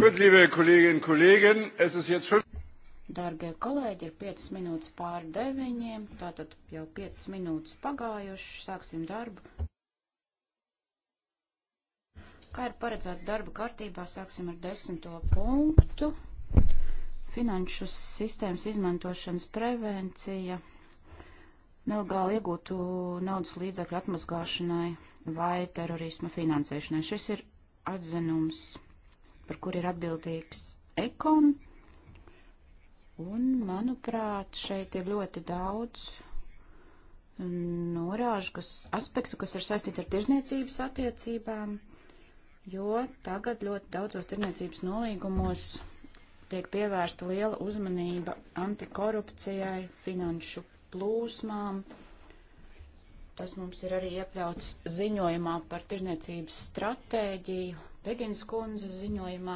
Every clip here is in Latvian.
Gut, liebe Kolleginnen und Kollegen, es ist jetzt fünf. Dargie kolēģi, ir 5 minūtes pār 9, tātad jau 5 minūtes pagājuši, sāksim darbu. Kā ir paredzēts darba kārtībā, sāksim ar 10. punktu. Finanšu sistēmas izmantošanas prevencija nelegāli iegūtu naudas līdzekļu atmazgāšanai vai terorisma finansēšanai. Šis ir atzinums par kur ir atbildīgs ekon. Un, manuprāt, šeit ir ļoti daudz norāžu, kas, aspektu, kas ir saistīti ar tirzniecības attiecībām, jo tagad ļoti daudzos tirzniecības nolīgumos tiek pievērsta liela uzmanība antikorupcijai, finanšu plūsmām. Tas mums ir arī iekļauts ziņojumā par tirzniecības stratēģiju, Pekins kundzes ziņojumā.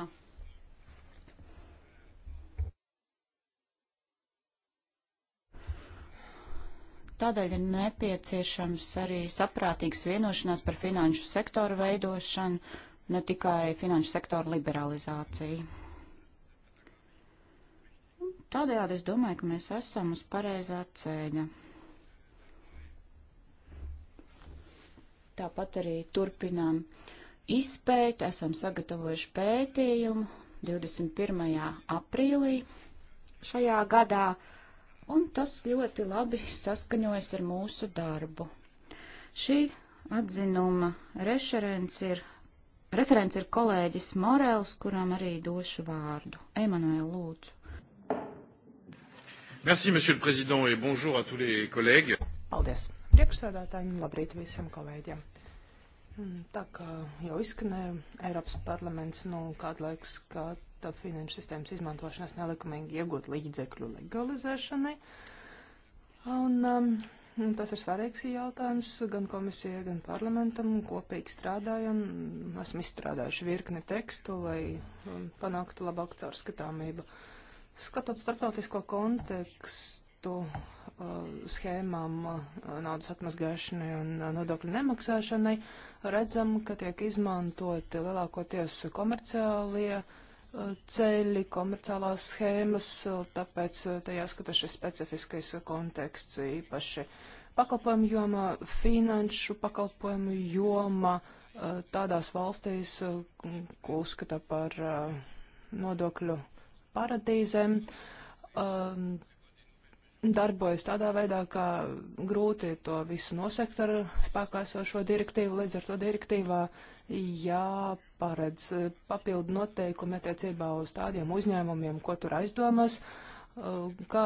Tādēļ ir nepieciešams arī saprātīgs vienošanās par finanšu sektoru veidošanu, ne tikai finanšu sektoru liberalizāciju. Tādējādi es domāju, ka mēs esam uz pareizā ceļa. Tāpat arī turpinām uh, izpēti, esam sagatavojuši pētījumu 21. aprīlī šajā gadā, un tas ļoti labi saskaņojas ar mūsu darbu. Šī atzinuma referents ir, referents ir kolēģis Morels, kuram arī došu vārdu. Emanuēl, lūdzu. Merci, monsieur le président, et bonjour à tous les collègues. Paldies. Priekšsēdētājiem, labrīt visiem kolēģiem. Mm, tā kā jau izskanēja, Eiropas parlaments nu, kādu laiku skata finanšu sistēmas izmantošanas nelikumīgi iegūt līdzekļu legalizēšanai. Un, um, tas ir svarīgs jautājums gan komisijai, gan parlamentam. Kopīgi strādājam, esam izstrādājuši virkni tekstu, lai um, panāktu labāku caurskatāmību. Skatot starptautisko kontekstu citu uh, schēmām uh, naudas atmazgāšanai un uh, nodokļu nemaksāšanai, redzam, ka tiek izmantoti lielākoties komerciālie uh, ceļi, komerciālās schēmas, uh, tāpēc uh, te jāskata šis specifiskais konteksts īpaši pakalpojumu jomā, finanšu pakalpojumu jomā, tādās valstīs, ko uzskata par nodokļu paradīzēm. Um, darbojas tādā veidā, ka grūti to visu nosekt ar spēkā esošo direktīvu. Līdz ar to direktīvā jāparedz eh, papildu noteikumi attiecībā uz tādiem uzņēmumiem, ko tur aizdomas, eh, kā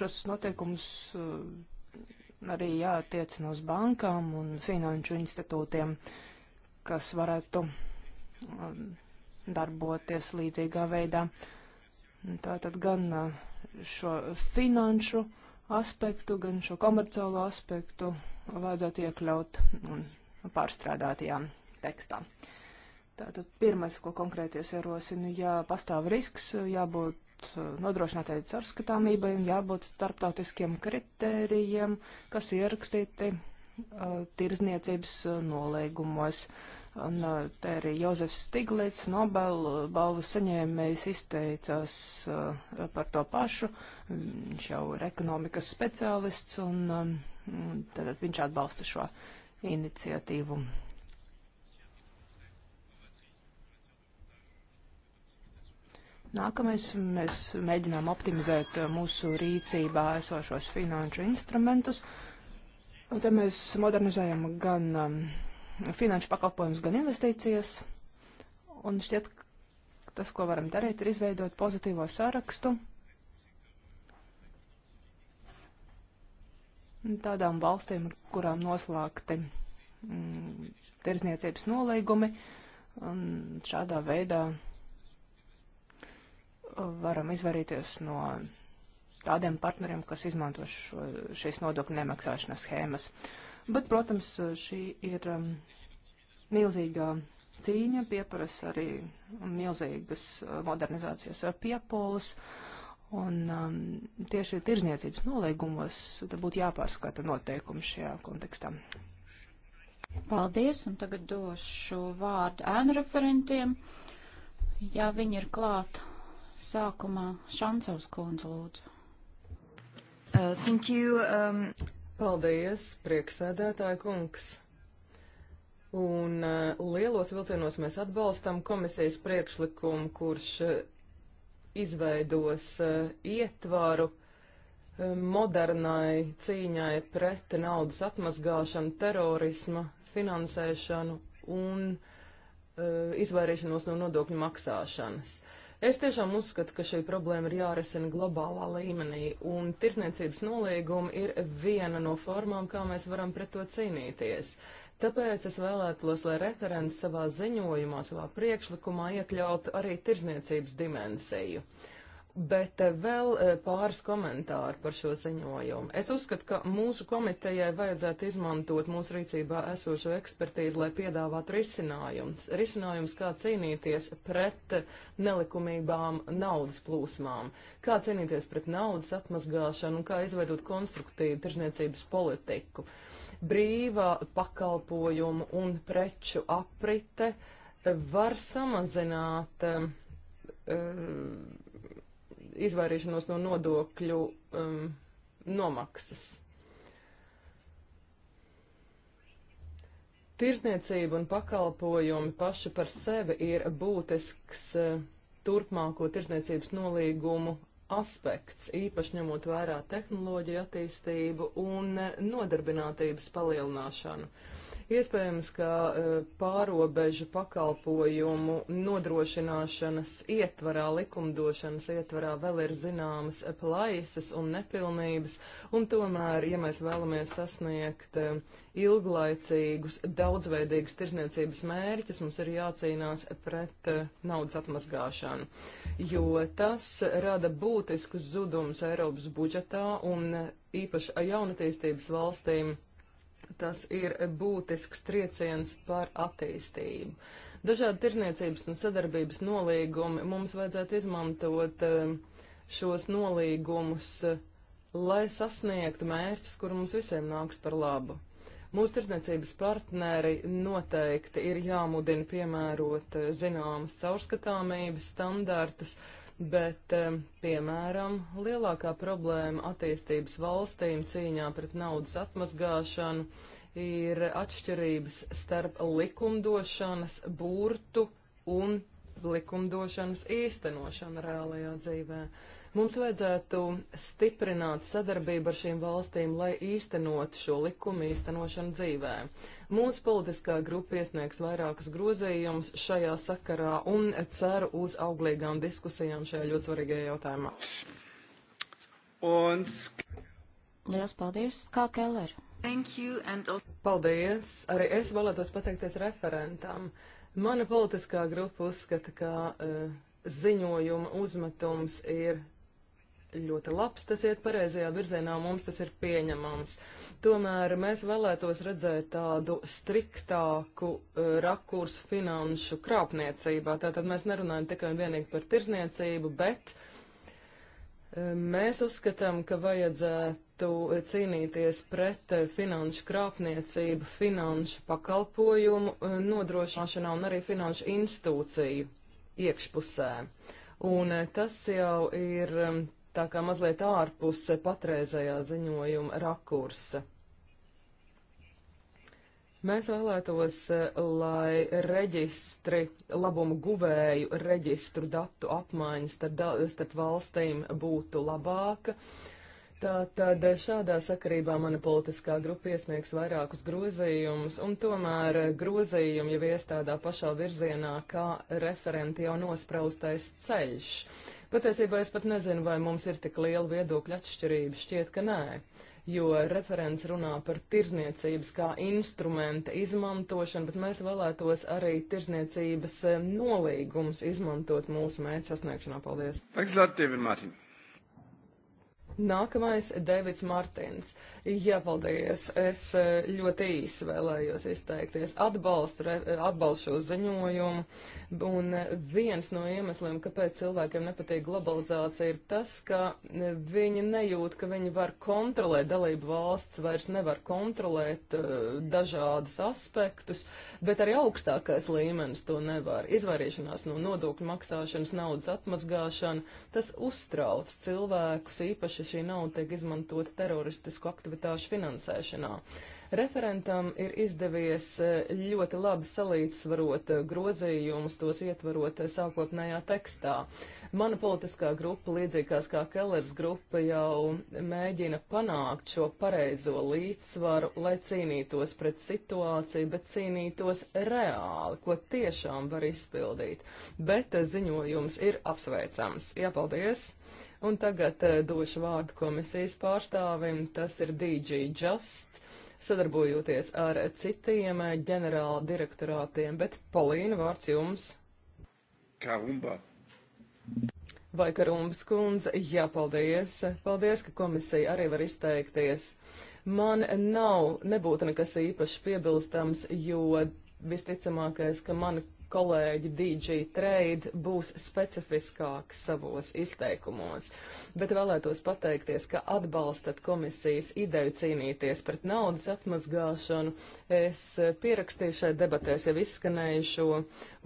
šos noteikumus eh, arī jātiecina uz bankām un finanšu institūtiem, kas varētu darboties līdzīgā veidā. Tātad gan uh, šo finanšu aspektu, gan šo komerciālo aspektu vajadzētu iekļaut un pārstrādātajā tekstā. Tātad pirmais, ko konkrēti es ierosinu, ja pastāv risks, jābūt uh, nodrošinātai caurskatāmībai un jābūt starptautiskiem kritērijiem, kas ierakstīti uh, tirzniecības uh, nolīgumos. Uh, Un te arī Jozefs Stiglits, Nobel balvas saņēmējs, izteicās uh, par to pašu. Viņš jau ir ekonomikas speciālists, un um, tad viņš atbalsta šo iniciatīvu. Nākamais mēs mēģinām optimizēt mūsu rīcībā esošos finanšu instrumentus. Un te mēs modernizējam gan um, finanšu pakalpojumus, gan investīcijas. Un šķiet, tas, ko varam darīt, ir izveidot pozitīvo sārakstu tādām valstīm, ar kurām noslēgti mm, tirzniecības nolīgumi. Un šādā veidā uh, varam izvairīties no tādiem partneriem, kas izmanto šo, šīs nodokļu nemaksāšanas schēmas. Uh, Bet, protams, šī ir um, milzīga cīņa, pieprasa arī milzīgas uh, modernizācijas ar piepolis. Un um, tieši tirzniecības nolīgumos būtu jāpārskata noteikumi šajā kontekstā. Paldies, un tagad došu vārdu ēnu referentiem. Ja viņi ir klāt, sākumā Šancevs kundze lūdzu. Uh, thank you. Um... Paldies, prieksēdētāja kungs! Un uh, lielos vilcienos mēs atbalstam komisijas priekšlikumu, kurš uh, izveidos uh, ietvaru modernai cīņai pret naudas atmazgāšanu, terorisma finansēšanu un izvairīšanos no nodokļu maksāšanas. Uh, Es tiešām uzskatu, ka šī problēma ir jārisina globālā līmenī, un tirsniecības nolīguma ir viena no formām, kā mēs varam pret to cīnīties. Tāpēc es vēlētos, lai referents savā ziņojumā, savā priekšlikumā iekļautu arī tirsniecības dimensiju. Uh, Bet eh, vēl eh, pāris komentāri par šo ziņojumu. Es uzskatu, ka mūsu komitejai vajadzētu izmantot mūsu rīcībā esošo ekspertīzi, lai piedāvātu risinājums. Risinājums, kā cīnīties pret eh, nelikumībām naudas plūsmām, kā cīnīties pret naudas atmazgāšanu un kā izveidot konstruktīvu tirzniecības politiku. Brīvā pakalpojumu un preču aprite var samazināt. Uh, izvairīšanos no nodokļu um, nomaksas. Tirzniecība un pakalpojumi paši par sevi ir būtisks uh, turpmāko tirzniecības nolīgumu aspekts, īpaši ņemot vērā tehnoloģiju attīstību un uh, nodarbinātības palielināšanu. Uh, Iespējams, ka e, pārobežu pakalpojumu nodrošināšanas ietvarā, likumdošanas ietvarā vēl ir zināmas plaisas un nepilnības, un tomēr, ja mēs vēlamies sasniegt e, ilglaicīgus, daudzveidīgus tirzniecības mērķus, mums ir jācīnās pret e, naudas atmazgāšanu, jo tas rada būtiskus zudumus Eiropas budžetā un īpaši jaunatīstības valstīm tas ir būtisks trieciens par attīstību. Dažādi tirniecības un sadarbības nolīgumi mums vajadzētu izmantot um, šos nolīgumus, uh, lai sasniegtu mērķus, kur mums visiem nāks par labu. Mūsu tirdzniecības partneri noteikti ir jāmudina piemērot uh, zināmas caurskatāmības standartus, uh, bet, eh, piemēram, lielākā problēma attīstības valstīm cīņā pret naudas atmazgāšanu ir atšķirības starp likumdošanas burtu un likumdošanas īstenošanu reālajā dzīvē. Uh, Mums vajadzētu stiprināt sadarbību ar šīm valstīm, lai īstenot šo likumu īstenošanu dzīvē. Mūsu politiskā grupa iesniegs vairākus grozījumus šajā sakarā un ceru uz auglīgām diskusijām šajā ļoti svarīgajā jautājumā. Un... Liels paldies, kā Keller! Thank you and... Paldies! Arī es vēlētos pateikties referentam. Mana politiskā grupa uzskata, ka uh, ziņojuma uzmetums ir ļoti labs, tas iet pareizajā virzienā, mums tas ir pieņemams. Tomēr mēs vēlētos redzēt tādu striktāku uh, rakursu finanšu krāpniecībā. Tātad mēs nerunājam tikai un vienīgi par tirzniecību, bet uh, mēs uzskatām, ka vajadzētu cīnīties pret uh, finanšu krāpniecību, finanšu pakalpojumu nodrošināšanā un arī finanšu institūciju iekšpusē. Un tas jau ir tā kā mazliet ārpus patreizējā ziņojuma rakursa. Mēs vēlētos, lai reģistri, labumu guvēju reģistru datu apmaiņas starp, starp valstīm būtu labāka. Tātad šādā sakarībā mana politiskā grupa iesniegs vairākus grozījumus, un tomēr grozījumi jau iestādā pašā virzienā, kā referenti jau nospraustais ceļš. Uh, Patiesībā es pat nezinu, vai mums ir tik liela viedokļa atšķirība. Šķiet, ka nē, jo referents runā par tirzniecības kā instrumenta izmantošanu, bet mēs vēlētos arī tirzniecības nolīgums izmantot mūsu mērķa sasniegšanā. Paldies! Thanks a lot, David Martin. Nākamais - Davids Martins. Jā, paldies. Es eh, ļoti īsi vēlējos izteikties. Atbalstu, eh, atbalstu šo ziņojumu. Un eh, viens no iemesliem, kāpēc cilvēkiem nepatīk globalizācija, ir tas, ka viņi nejūt, ka viņi var kontrolēt dalību valsts, vairs nevar kontrolēt dažādus aspektus, bet arī augstākais līmenis to nevar. Izvairīšanās no nodokļu maksāšanas, naudas atmazgāšana, tas uztrauc cilvēkus īpaši šī nauda tiek izmantota teroristisku aktivitāšu finansēšanā. Referentam ir izdevies e, ļoti labi salīdzvarot e, grozījumus, tos ietvarot e, sākotnējā tekstā. Mana politiskā grupa, līdzīgās kā Kellers grupa, jau mēģina panākt šo pareizo līdzsvaru, lai cīnītos pret situāciju, bet cīnītos reāli, ko tiešām var izpildīt. Bet ziņojums ir apsveicams. Jāpaldies! Un tagad e, došu vārdu komisijas pārstāvim, tas ir DG Just, sadarbojoties ar citiem eh, ģenerāla direktorātiem, bet Polīna vārds jums. Karumba. Vai Karumbas kundze? Jā, paldies. Paldies, ka komisija arī var izteikties. Man nav, nebūtu nekas īpaši piebilstams, jo visticamākais, ka mani kolēģi DJ Trade būs specifiskāki savos izteikumos, bet vēlētos pateikties, ka atbalstat komisijas ideju cīnīties pret naudas atmazgāšanu. Es pierakstīju šai debatēs jau izskanējušo,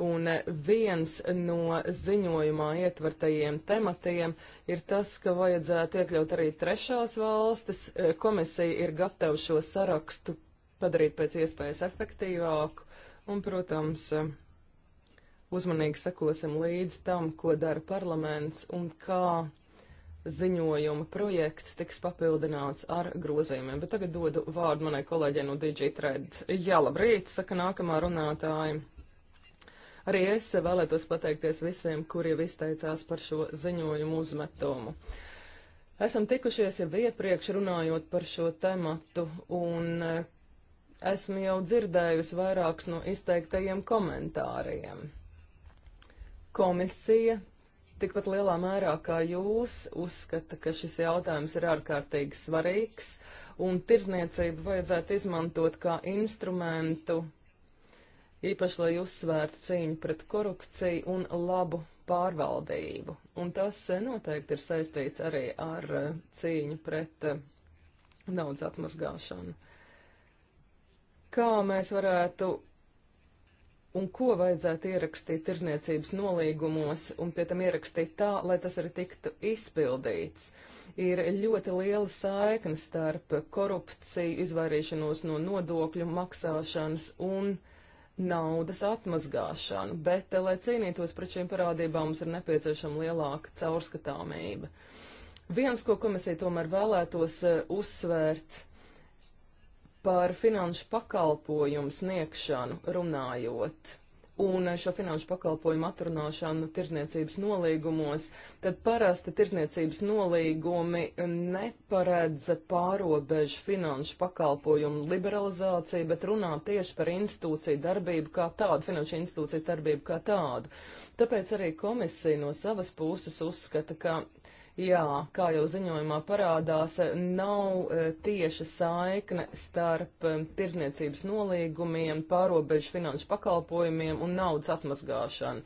un viens no ziņojumā ietvertajiem tematiem ir tas, ka vajadzētu iekļaut arī trešās valstis. Komisija ir gatava šo sarakstu padarīt pēc iespējas efektīvāku. Un, protams, uzmanīgi sekosim līdz tam, ko dara parlaments un kā ziņojuma projekts tiks papildināts ar grozījumiem. Bet tagad dodu vārdu manai kolēģei no DigiTrade. Jā, labrīt, saka nākamā runātāja. Arī es vēlētos pateikties visiem, kuri jau izteicās par šo ziņojumu uzmetumu. Esam tikušies jau iepriekš runājot par šo tematu, un eh, esmu jau dzirdējusi vairākus no izteiktajiem komentāriem. Komisija tikpat lielā mērā kā jūs uzskata, ka šis jautājums ir ārkārtīgi svarīgs un tirzniecību vajadzētu izmantot kā instrumentu, īpaši lai uzsvērtu cīņu pret korupciju un labu pārvaldību. Un tas eh, noteikti ir saistīts arī ar eh, cīņu pret naudas eh, atmazgāšanu. Kā mēs varētu un ko vajadzētu ierakstīt tirzniecības nolīgumos un pie tam ierakstīt tā, lai tas arī tiktu izpildīts. Ir ļoti liela saikne starp korupciju, izvairīšanos no nodokļu maksāšanas un naudas atmazgāšanu, bet, lai cīnītos pret šīm parādībām, mums ir nepieciešama lielāka caurskatāmība. Viens, ko komisija tomēr vēlētos eh, uzsvērt, par finanšu pakalpojumu sniegšanu runājot un šo finanšu pakalpojumu atrunāšanu tirzniecības nolīgumos, tad parasti tirzniecības nolīgumi neparedz pārobežu finanšu pakalpojumu liberalizāciju, bet runā tieši par institūciju darbību kā tādu, finanšu institūciju darbību kā tādu. Tāpēc arī komisija no savas puses uzskata, ka Jā, kā jau ziņojumā parādās, nav e, tieša saikne starp e, tirzniecības nolīgumiem, pārobežu finanšu pakalpojumiem un naudas atmazgāšanu.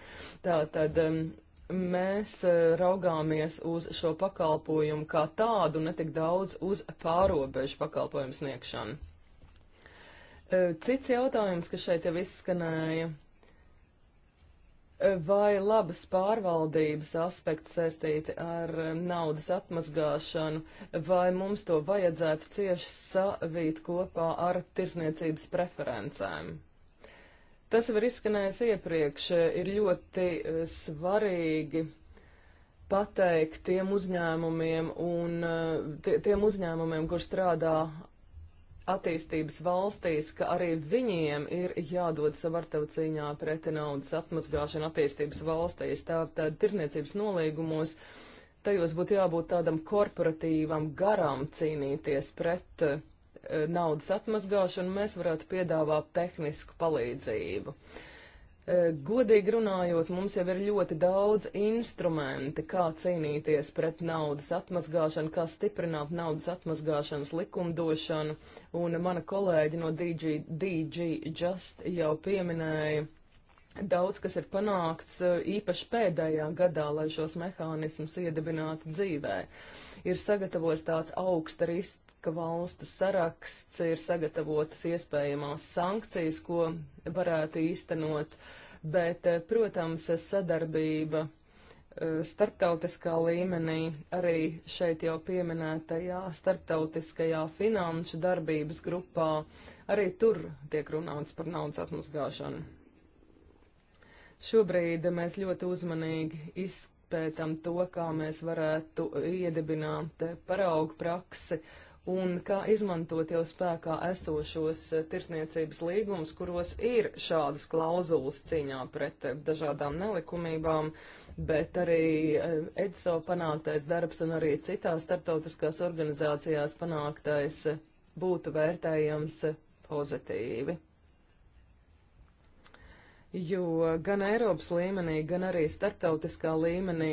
Tātad mēs e, raugāmies uz šo pakalpojumu kā tādu, netik daudz uz pārobežu pakalpojumu sniegšanu. Cits jautājums, kas šeit jau izskanēja vai labas pārvaldības aspekti saistīti ar um, naudas atmazgāšanu, vai mums to vajadzētu cieši savīt kopā ar tirsniecības preferencēm. Tas var izskanējis iepriekš, ir ļoti uh, svarīgi pateikt tiem uzņēmumiem un uh, tie, tiem uzņēmumiem, kur strādā attīstības valstīs, ka arī viņiem ir jādod savartavu cīņā pret naudas atmazgāšanu attīstības valstīs. Tātad tirniecības nolīgumos tajos būtu jābūt tādam korporatīvam garam cīnīties pret uh, naudas atmazgāšanu. Mēs varētu piedāvāt tehnisku palīdzību. Uh, E, godīgi runājot, mums jau ir ļoti daudz instrumenti, kā cīnīties pret naudas atmazgāšanu, kā stiprināt naudas atmazgāšanas likumdošanu, un mana kolēģi no DG, DG Just jau pieminēja daudz, kas ir panākts e, īpaši pēdējā gadā, lai šos mehānismus iedibinātu dzīvē. Ir sagatavos tāds augsta riska ka valstu saraksts ir sagatavotas iespējamās sankcijas, ko varētu īstenot, bet, eh, protams, sadarbība eh, starptautiskā līmenī arī šeit jau pieminētajā starptautiskajā finanšu darbības grupā arī tur tiek runāts par naudas atmazgāšanu. Šobrīd mēs ļoti uzmanīgi izskatām pētām to, kā mēs varētu iedibināt eh, paraugu praksi un kā izmantot jau spēkā esošos eh, tirsniecības līgumus, kuros ir šādas klauzulas cīņā pret eh, dažādām nelikumībām, bet arī eh, EDSO panāktais darbs un arī citās starptautiskās organizācijās panāktais būtu vērtējams pozitīvi. Jo gan Eiropas līmenī, gan arī starptautiskā līmenī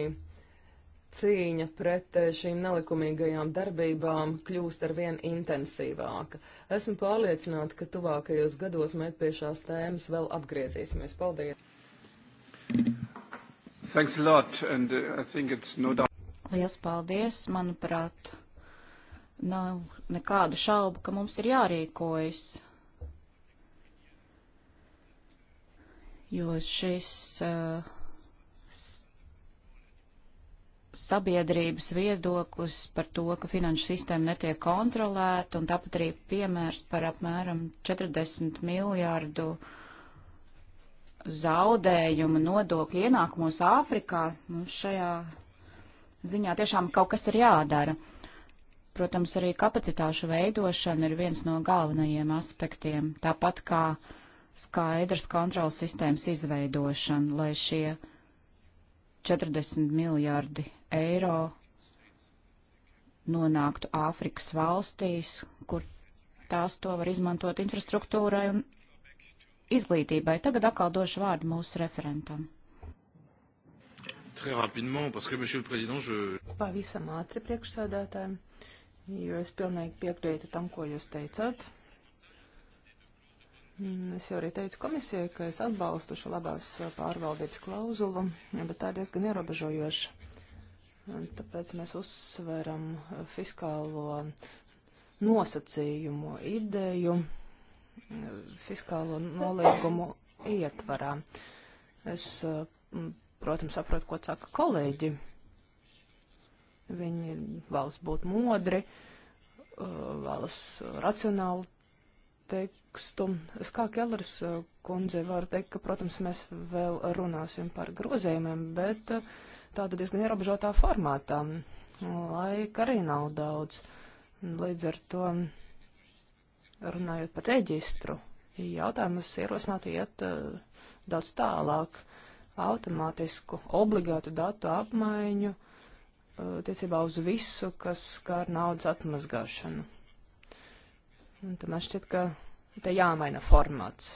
cīņa pret eh, šīm nelikumīgajām darbībām kļūst arvien intensīvāka. Esmu pārliecināta, ka tuvākajos gados mēs pie šās tēmas vēl atgriezīsimies. Paldies! Thanks a lot, and uh, I think it's no doubt. Liels paldies, manuprāt, nav nekādu šaubu, ka mums ir jārīkojas. Jo šis uh, sabiedrības viedoklis par to, ka finanšu sistēma netiek kontrolēta, un tāpat arī piemērs par apmēram 40 miljārdu zaudējumu nodokļu ienākumos Āfrikā. Mums šajā ziņā tiešām kaut kas ir jādara. Protams, arī kapacitāšu veidošana ir viens no galvenajiem aspektiem, tāpat kā skaidrs kontrols sistēmas izveidošana, lai šie 40 miljardi eiro nonāktu Āfrikas valstīs, kur tās to var izmantot infrastruktūrai un izglītībai. Tagad atkal došu vārdu mūsu referentam. Pavisam ātri priekšsēdētājiem, jo es pilnīgi piekrītu tam, ko jūs teicāt. Mm, es jau arī teicu komisijai, ka es atbalstu šo labās pārvaldības klauzulu, bet tā diezgan ierobežojoša. Un tāpēc mēs uzsveram uh, fiskālo nosacījumu ideju uh, fiskālo nolīgumu ietvarā. Es, uh, protams, saprotu, ko saka kolēģi. Viņi vēlas būt modri, vēlas racionālu tekstu. Es kā Kellers kundze varu teikt, ka, protams, mēs vēl runāsim par grozējumiem, bet uh, tāda diezgan ierobežotā formātā. Laika arī nav daudz. Līdz ar to, runājot par reģistru, jautājumus ierosinātu iet uh, daudz tālāk automātisku obligātu datu apmaiņu uh, eh, tiecībā uz visu, kas skar naudas atmazgāšanu. Un tam man šķiet, ka te jāmaina formāts.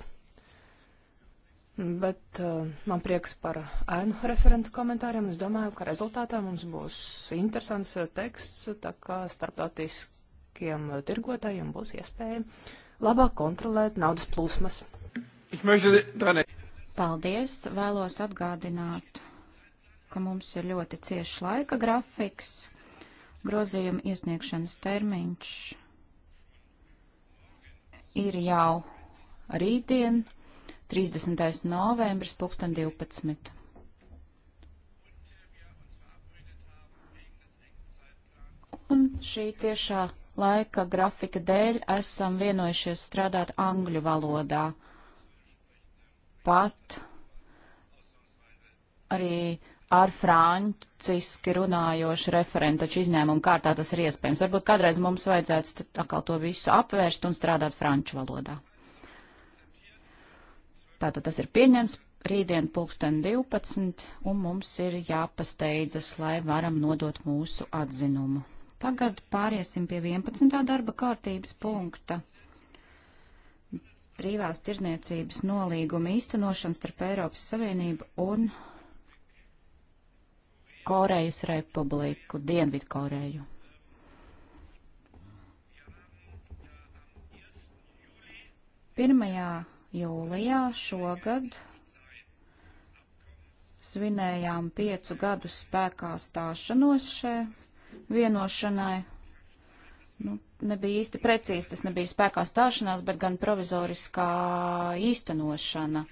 Bet uh, man prieks par ēnu referentu komentāriem. Es domāju, ka rezultātā mums būs interesants teksts, tā kā starptautiskiem tirgotājiem būs iespēja labāk kontrolēt naudas plūsmas. Paldies! Vēlos atgādināt, ka mums ir ļoti ciešs laika grafiks, grozījuma iesniegšanas termiņš ir jau rītdien 30. novembris, 2012. Un šī ciešā laika grafika dēļ esam vienojušies strādāt angļu valodā. Pat arī ar franciski runājošu referentu, taču izņēmumu kārtā tas ir iespējams. Varbūt kādreiz mums vajadzētu atkal to visu apvērst un strādāt franču valodā. Tātad tas ir pieņems rītdien pulksten 12, un mums ir jāpasteidzas, lai varam nodot mūsu atzinumu. Tagad pāriesim pie 11. darba kārtības punkta. Brīvās tirzniecības nolīguma īstenošana starp Eiropas Savienību un Korejas Republiku, Dienvidkoreju. Pirmajā Jūlijā šogad svinējām piecu gadu spēkā stāšanos šai vienošanai. Nu, nebija īsti precīzi, tas nebija spēkā stāšanās, bet gan provizoriskā īstenošana,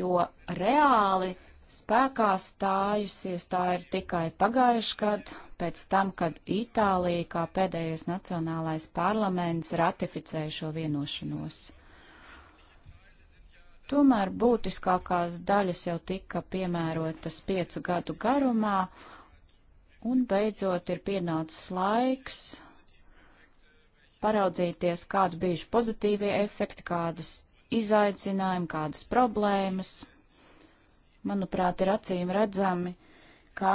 jo reāli spēkā stājusies tā ir tikai pagājuši gadu, pēc tam, kad Itālija kā pēdējais nacionālais parlaments ratificēja šo vienošanos. Tomēr būtiskākās daļas jau tika piemērotas piecu gadu garumā, un beidzot ir pienācis laiks paraudzīties, kādi bijuši pozitīvie efekti, kādas izaicinājumi, kādas problēmas. Manuprāt, ir acīm redzami, ka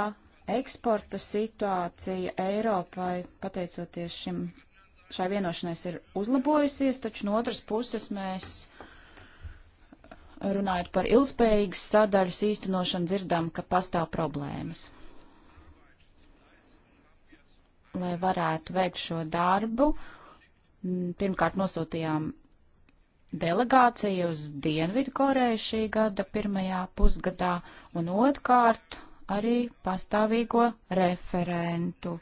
eksporta situācija Eiropai, pateicoties šim, šai vienošanais, ir uzlabojusies, taču no otras puses mēs runājot par ilgspējīgas sadaļas īstenošanu, dzirdam, ka pastāv problēmas. Lai varētu veikt šo darbu, pirmkārt nosūtījām delegāciju uz Dienvidu Koreju šī gada pirmajā pusgadā, un otrkārt arī pastāvīgo referentu,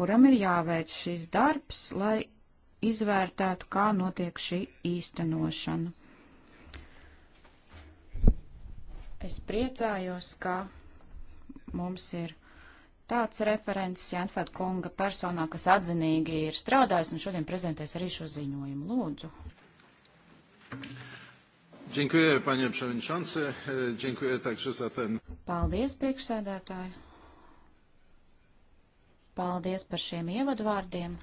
kuram ir jāveic šis darbs, lai izvērtētu, kā notiek šī īstenošana. Es priecājos, ka mums ir tāds referents Janfēda kunga personā, kas atzinīgi ir strādājis un šodien prezentēs arī šo ziņojumu. Lūdzu. Dziękuję, panie przewodniczący. Dziękuję także za ten. Paldies, priekšsēdētāji. Paldies par šiem ievadvārdiem.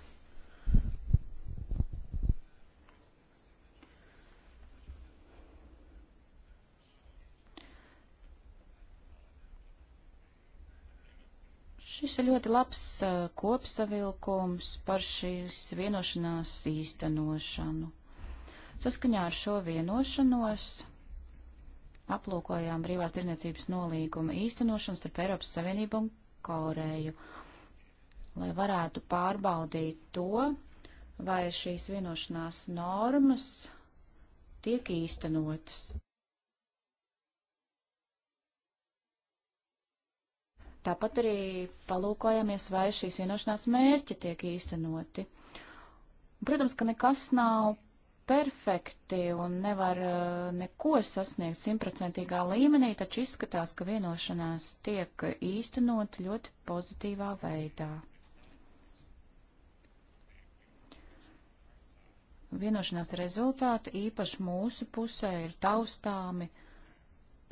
Šis ir ļoti labs eh, kopsavilkums par šīs vienošanās īstenošanu. Saskaņā ar šo vienošanos aplūkojām brīvās tirniecības nolīguma īstenošanu starp Eiropas Savienību un Koreju, lai varētu pārbaudīt to, vai šīs vienošanās normas tiek īstenotas. Tāpat arī palūkojamies, vai šīs vienošanās mērķi tiek īstenoti. Protams, ka nekas nav perfekti un nevar uh, neko sasniegt simtprocentīgā līmenī, taču izskatās, ka vienošanās tiek īstenot ļoti pozitīvā veidā. Vienošanās rezultāti īpaši mūsu pusē ir taustāmi,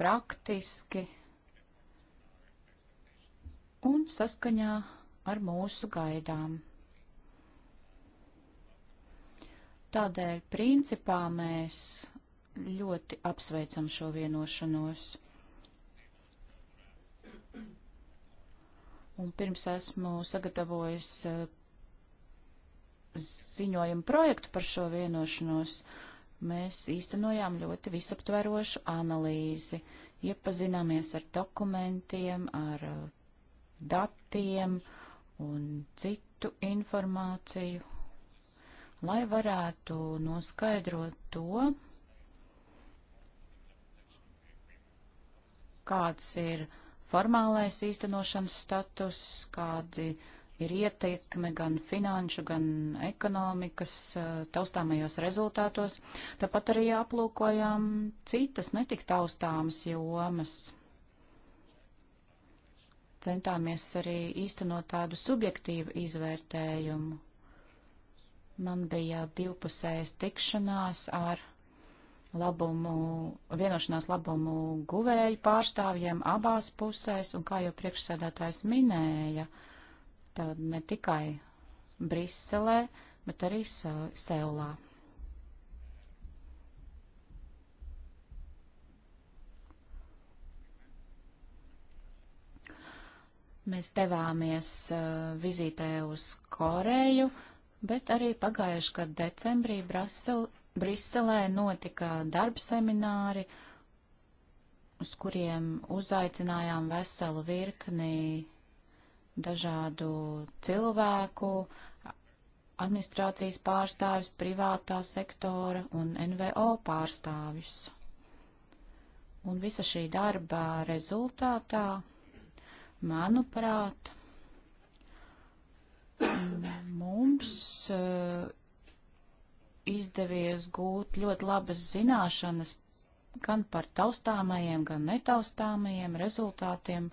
praktiski un saskaņā ar mūsu gaidām. Tādēļ principā mēs ļoti apsveicam šo vienošanos. Un pirms esmu sagatavojis eh, ziņojumu projektu par šo vienošanos, mēs īstenojām ļoti visaptverošu analīzi, iepazināmies ar dokumentiem, ar datiem un citu informāciju, lai varētu noskaidrot to, kāds ir formālais īstenošanas status, kādi ir ietekme gan finanšu, gan ekonomikas eh, taustāmajos rezultātos. Tāpat arī aplūkojām citas netik taustāmas jomas centāmies arī īstenot tādu subjektīvu izvērtējumu. Man bija divpusējas tikšanās ar labumu, vienošanās labumu guvēju pārstāvjiem abās pusēs, un kā jau priekšsēdētājs minēja, tad ne tikai Briselē, bet arī Seulā. Mēs devāmies uh, vizītē uz Koreju, bet arī pagājuši gadu decembrī Brasel, Briselē notika darba semināri, uz kuriem uzaicinājām veselu virkni dažādu cilvēku, administrācijas pārstāvis, privātā sektora un NVO pārstāvis. Un visa šī darba rezultātā Manuprāt, mums eh, izdevies gūt ļoti labas zināšanas gan par taustāmajiem, gan netaustāmajiem rezultātiem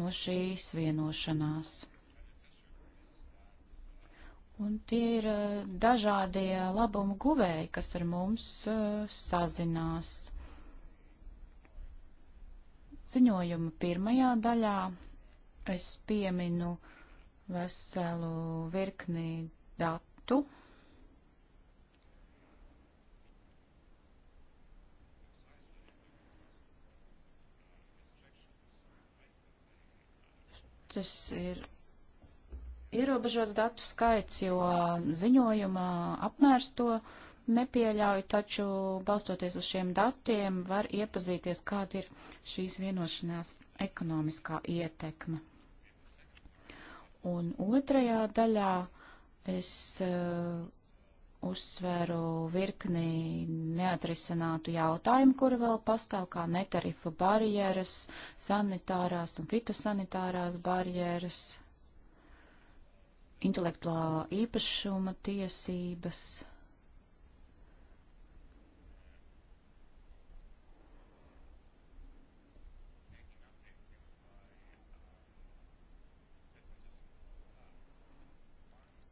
no šīs vienošanās. Un tie ir eh, dažādie labumu guvēji, kas ar mums eh, sazinās. Ziņojuma pirmajā daļā es pieminu veselu virkni datu. Tas ir ierobežots datu skaits, jo ziņojuma apmērs to nepieļauj, taču balstoties uz šiem datiem var iepazīties, kāda ir šīs vienošanās ekonomiskā ietekme. Un otrajā daļā es uh, uzsveru virkni neatrisinātu jautājumu, kuri vēl pastāv, kā netarifu barjeras, sanitārās un fitosanitārās barjeras, intelektuālā īpašuma tiesības.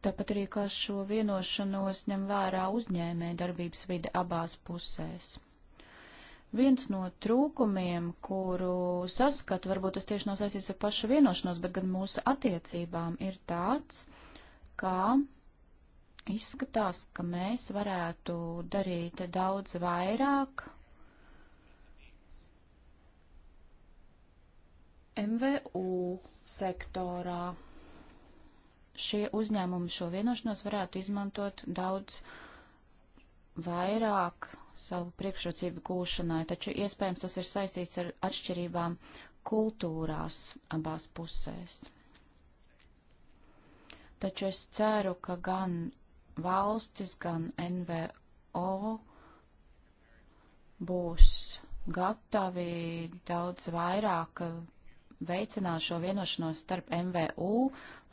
Tāpat arī, kā šo vienošanos ņem vērā uzņēmē darbības vide abās pusēs. Viens no trūkumiem, kuru saskatu, varbūt tas tieši nav saistīts ar pašu vienošanos, bet gan mūsu attiecībām, ir tāds, ka izskatās, ka mēs varētu darīt daudz vairāk MVU sektorā šie uzņēmumi šo vienošanos varētu izmantot daudz vairāk savu priekšrocību gūšanai, taču iespējams tas ir saistīts ar atšķirībām kultūrās abās pusēs. Taču es ceru, ka gan valstis, gan NVO būs gatavi daudz vairāk veicināt šo vienošanos starp MVU,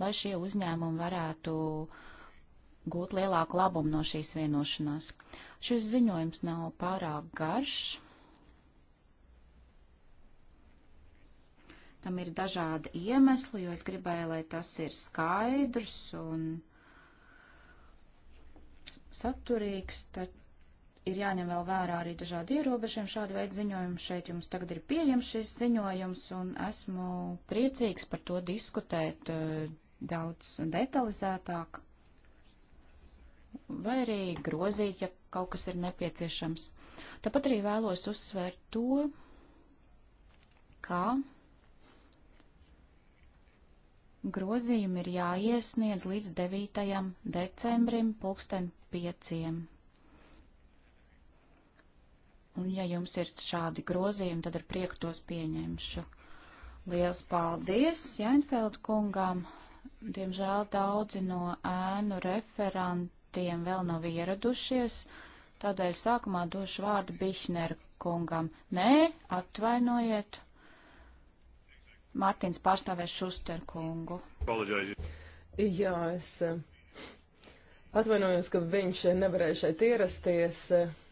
lai šie uzņēmumi varētu gūt lielāku labumu no šīs vienošanās. Šis ziņojums nav pārāk garš. Tam ir dažādi iemesli, jo es gribēju, lai tas ir skaidrs un saturīgs, taču ir jāņem vēl vērā arī dažādi ierobežojumi šādu veidu ziņojumu. Šeit jums tagad ir pieejams šis ziņojums, un esmu priecīgs par to diskutēt eh, daudz detalizētāk, vai arī grozīt, ja kaut kas ir nepieciešams. Tāpat arī vēlos uzsvērt to, kā grozījumi ir jāiesniedz līdz 9. decembrim pulksten pieciem. Un ja jums ir šādi grozījumi, tad ar prieku tos pieņemšu. Liels paldies Jainfeld kungām. Diemžēl daudzi no ēnu referentiem vēl nav ieradušies, tādēļ sākumā došu vārdu Bihneru kungam. Nē, atvainojiet. Mārtiņš pārstāvēs Šuster kungu. Jā, es eh, atvainojos, ka viņš nevarēja šeit ierasties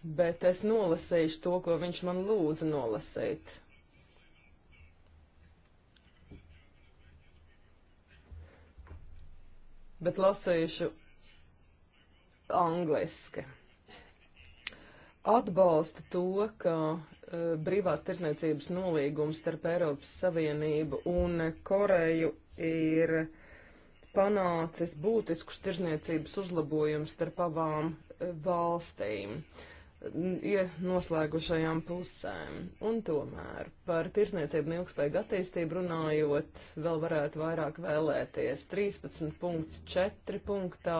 bet es nolasīšu to, ko viņš man lūdza nolasīt. Bet lasīšu angliski. Atbalsta to, ka uh, brīvās tirsniecības nolīgums starp Eiropas Savienību un Koreju ir panācis būtiskus tirsniecības uzlabojums starp abām e, valstīm. Uh, noslēgušajām pusēm. Un tomēr par tirsniecību un ilgspējīgu attīstību runājot, vēl varētu vairāk vēlēties. 13.4. punktā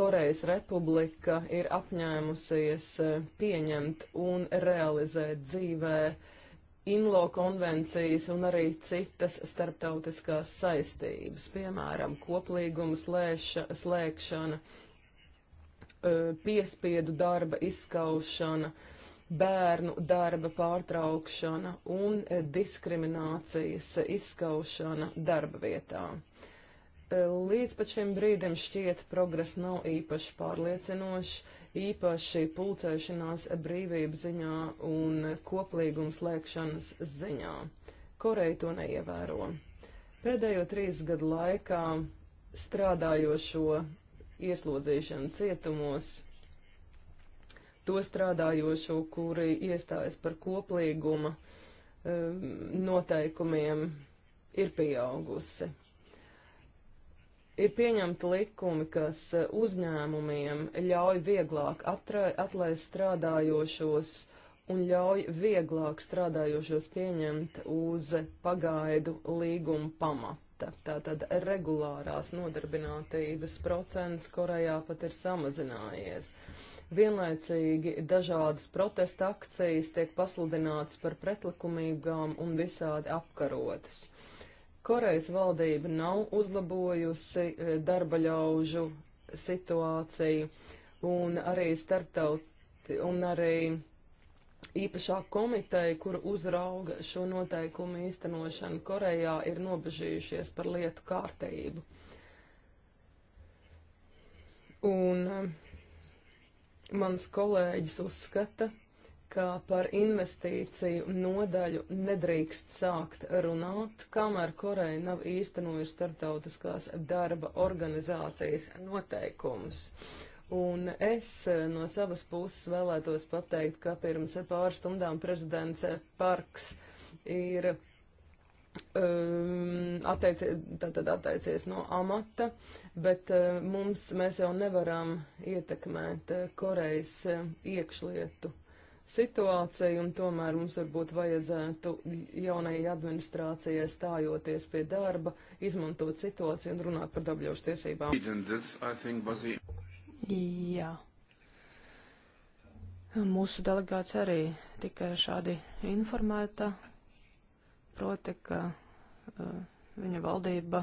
Korejas Republika ir apņēmusies e, pieņemt un realizēt dzīvē INLO konvencijas un arī citas starptautiskās saistības, piemēram, koplīguma slēgšana E, piespiedu darba izskaušana, bērnu darba pārtraukšana un e, diskriminācijas izskaušana darba vietā. E, līdz pat šim brīdim šķiet progress nav īpaši pārliecinošs, īpaši pulcēšanās brīvību ziņā un koplīgums lēkšanas ziņā. Koreja to neievēro. Pēdējo trīs gadu laikā strādājošo ieslodzīšanu cietumos to strādājošo, kuri iestājas par koplīguma um, noteikumiem, ir pieaugusi. Ir pieņemti likumi, kas uh, uzņēmumiem ļauj vieglāk atlaist strādājošos un ļauj vieglāk strādājošos pieņemt uz pagaidu līguma pamatu lieta. Tātad regulārās nodarbinātības procents Korejā pat ir samazinājies. Vienlaicīgi dažādas protesta akcijas tiek pasludinātas par pretlikumīgām un visādi apkarotas. Korejas valdība nav uzlabojusi eh, darba ļaužu situāciju un arī starptaut, un arī Īpašā komiteja, kura uzrauga šo noteikumu īstenošanu Korejā, ir nobežījušies par lietu kārtību. Un um, mans kolēģis uzskata, ka par investīciju nodaļu nedrīkst sākt runāt, kamēr Koreja nav īstenojusi starptautiskās darba organizācijas noteikumus. Uh, Un es eh, no savas puses vēlētos pateikt, ka pirms pāris stundām prezidents eh, Parks ir um, ehm, atteic, tātad atteicies no amata, bet uh, mums mēs jau nevaram ietekmēt uh, Korejas uh, iekšlietu situāciju, un tomēr mums varbūt vajadzētu jaunajai administrācijai stājoties pie darba, izmantot situāciju un runāt par dabļošu tiesībām. Jā. Mūsu delegāts arī tika šādi informēta, proti, ka uh, viņa valdība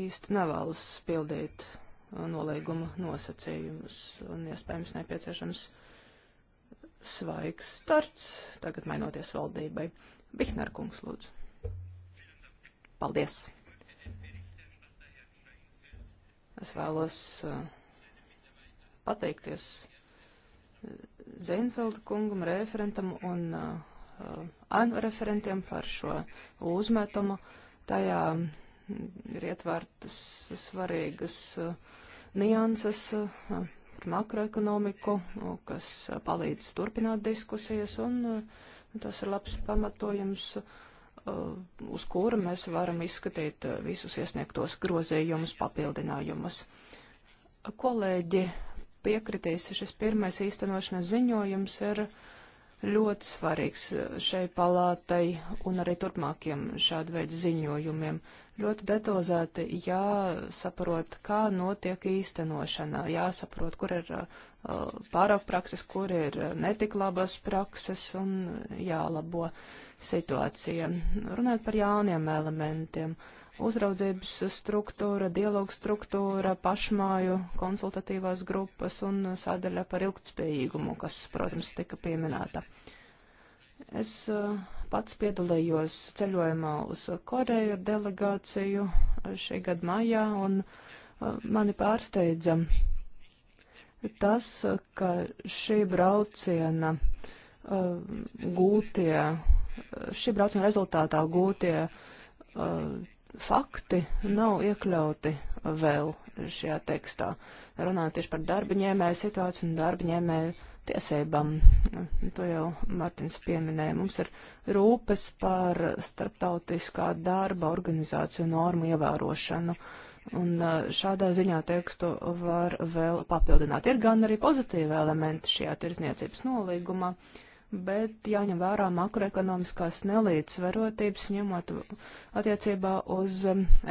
īsti nevēlas pildīt uh, nolīguma nosacījumus un iespējams nepieciešams svaigs starts tagad mainoties valdībai. Bihnerkungs, lūdzu. Paldies! Es vēlos uh, pateikties uh, Zeinfelda kungam, referentam un ANU uh, referentiem par šo uzmetumu. Tajā mm, ir ietvērtas svarīgas nianses par makroekonomiku, kas palīdz turpināt diskusijas, un tas ir labs pamatojums uh, Uh, uz kura mēs varam izskatīt uh, visus iesniegtos grozījumus, papildinājumus. Kolēģi piekritīs, šis pirmais īstenošanas ziņojums ir ļoti svarīgs uh, šai palātai un arī turpmākiem šādu veidu ziņojumiem. Ļoti detalizēti jāsaprot, kā notiek īstenošana, jāsaprot, kur ir uh, pārāk prakses, kur ir netik labas prakses un jālabo situācija. Runājot par jauniem elementiem - uzraudzības struktūra, dialogu struktūra, pašmāju konsultatīvās grupas un sadaļa par ilgtspējīgumu, kas, protams, tika pieminēta. Es eh, pats piedalījos ceļojumā uz Koreju ar delegāciju šī gada maijā un eh, mani pārsteidza tas, ka šī brauciena uh, gūtie, šī brauciena rezultātā gūtie uh, fakti nav iekļauti vēl šajā tekstā. Runā tieši par darba ņēmēju situāciju un darba ņēmēju tiesībām. To jau Martins pieminēja. Mums ir rūpes par starptautiskā darba organizāciju normu ievērošanu. Uh, Un šādā ziņā tekstu var vēl papildināt. Ir gan arī pozitīvi elementi šajā tirzniecības nolīgumā, bet jāņem vērā makroekonomiskās nelīdzsvarotības, ņemot attiecībā uz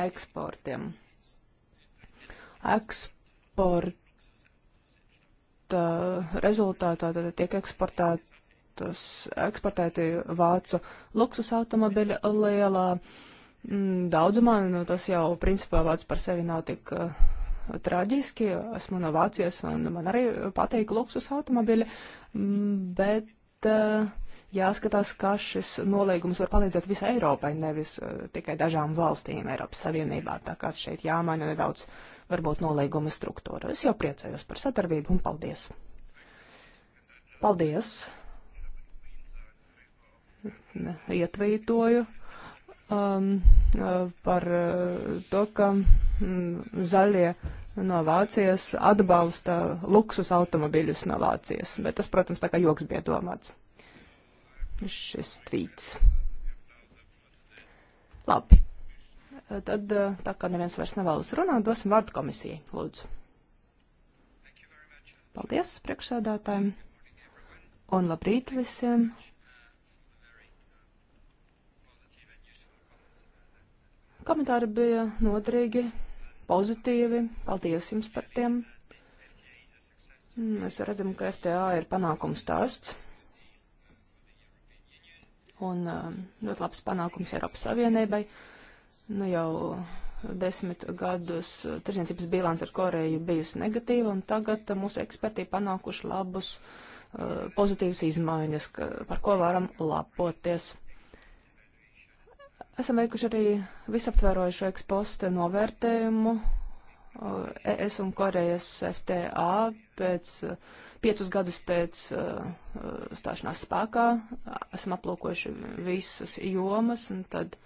eksportiem. Eksporta rezultātā tad tiek eksportēt eksportēti vācu luksus automobiļa lielā uh, Mm, daudzumā nu, tas jau principā vārds par sevi nav tik uh, traģiski. Esmu no Vācijas un man arī patīk luksus automobili, mm, bet uh, jāskatās, kā šis nolīgums var palīdzēt visai Eiropai, nevis uh, tikai dažām valstīm Eiropas Savienībā. Tā kā šeit jāmaina nedaudz varbūt nolīguma struktūra. Es jau priecājos par sadarbību un paldies. Paldies. Ietvītoju um, uh, par uh, to, ka mm, zaļie no Vācijas atbalsta luksus automobiļus no Vācijas. Bet tas, protams, tā kā joks bija domāts. Šis tvīts. Labi. Tad, uh, tā kā neviens vairs nevēlas runāt, dosim vārdu komisijai, lūdzu. Paldies priekšsēdātājiem un labrīt visiem. Komentāri bija noderīgi, pozitīvi. Paldies jums par tiem. Mēs redzam, ka FTA ir panākums stāsts. Un um, ļoti labs panākums Eiropas Savienībai. Nu jau desmit gadus tirsniecības bilants ar Koreju bijusi negatīva, un tagad mūsu eksperti panākuši labus, uh, pozitīvas izmaiņas, par ko varam lapoties. Esam veikuši arī visaptvērojušu ekspostu novērtējumu eh, ES un Korejas FTA pēc piecus gadus pēc eh, stāšanās spēkā. Esam aplūkojuši visas jomas un tad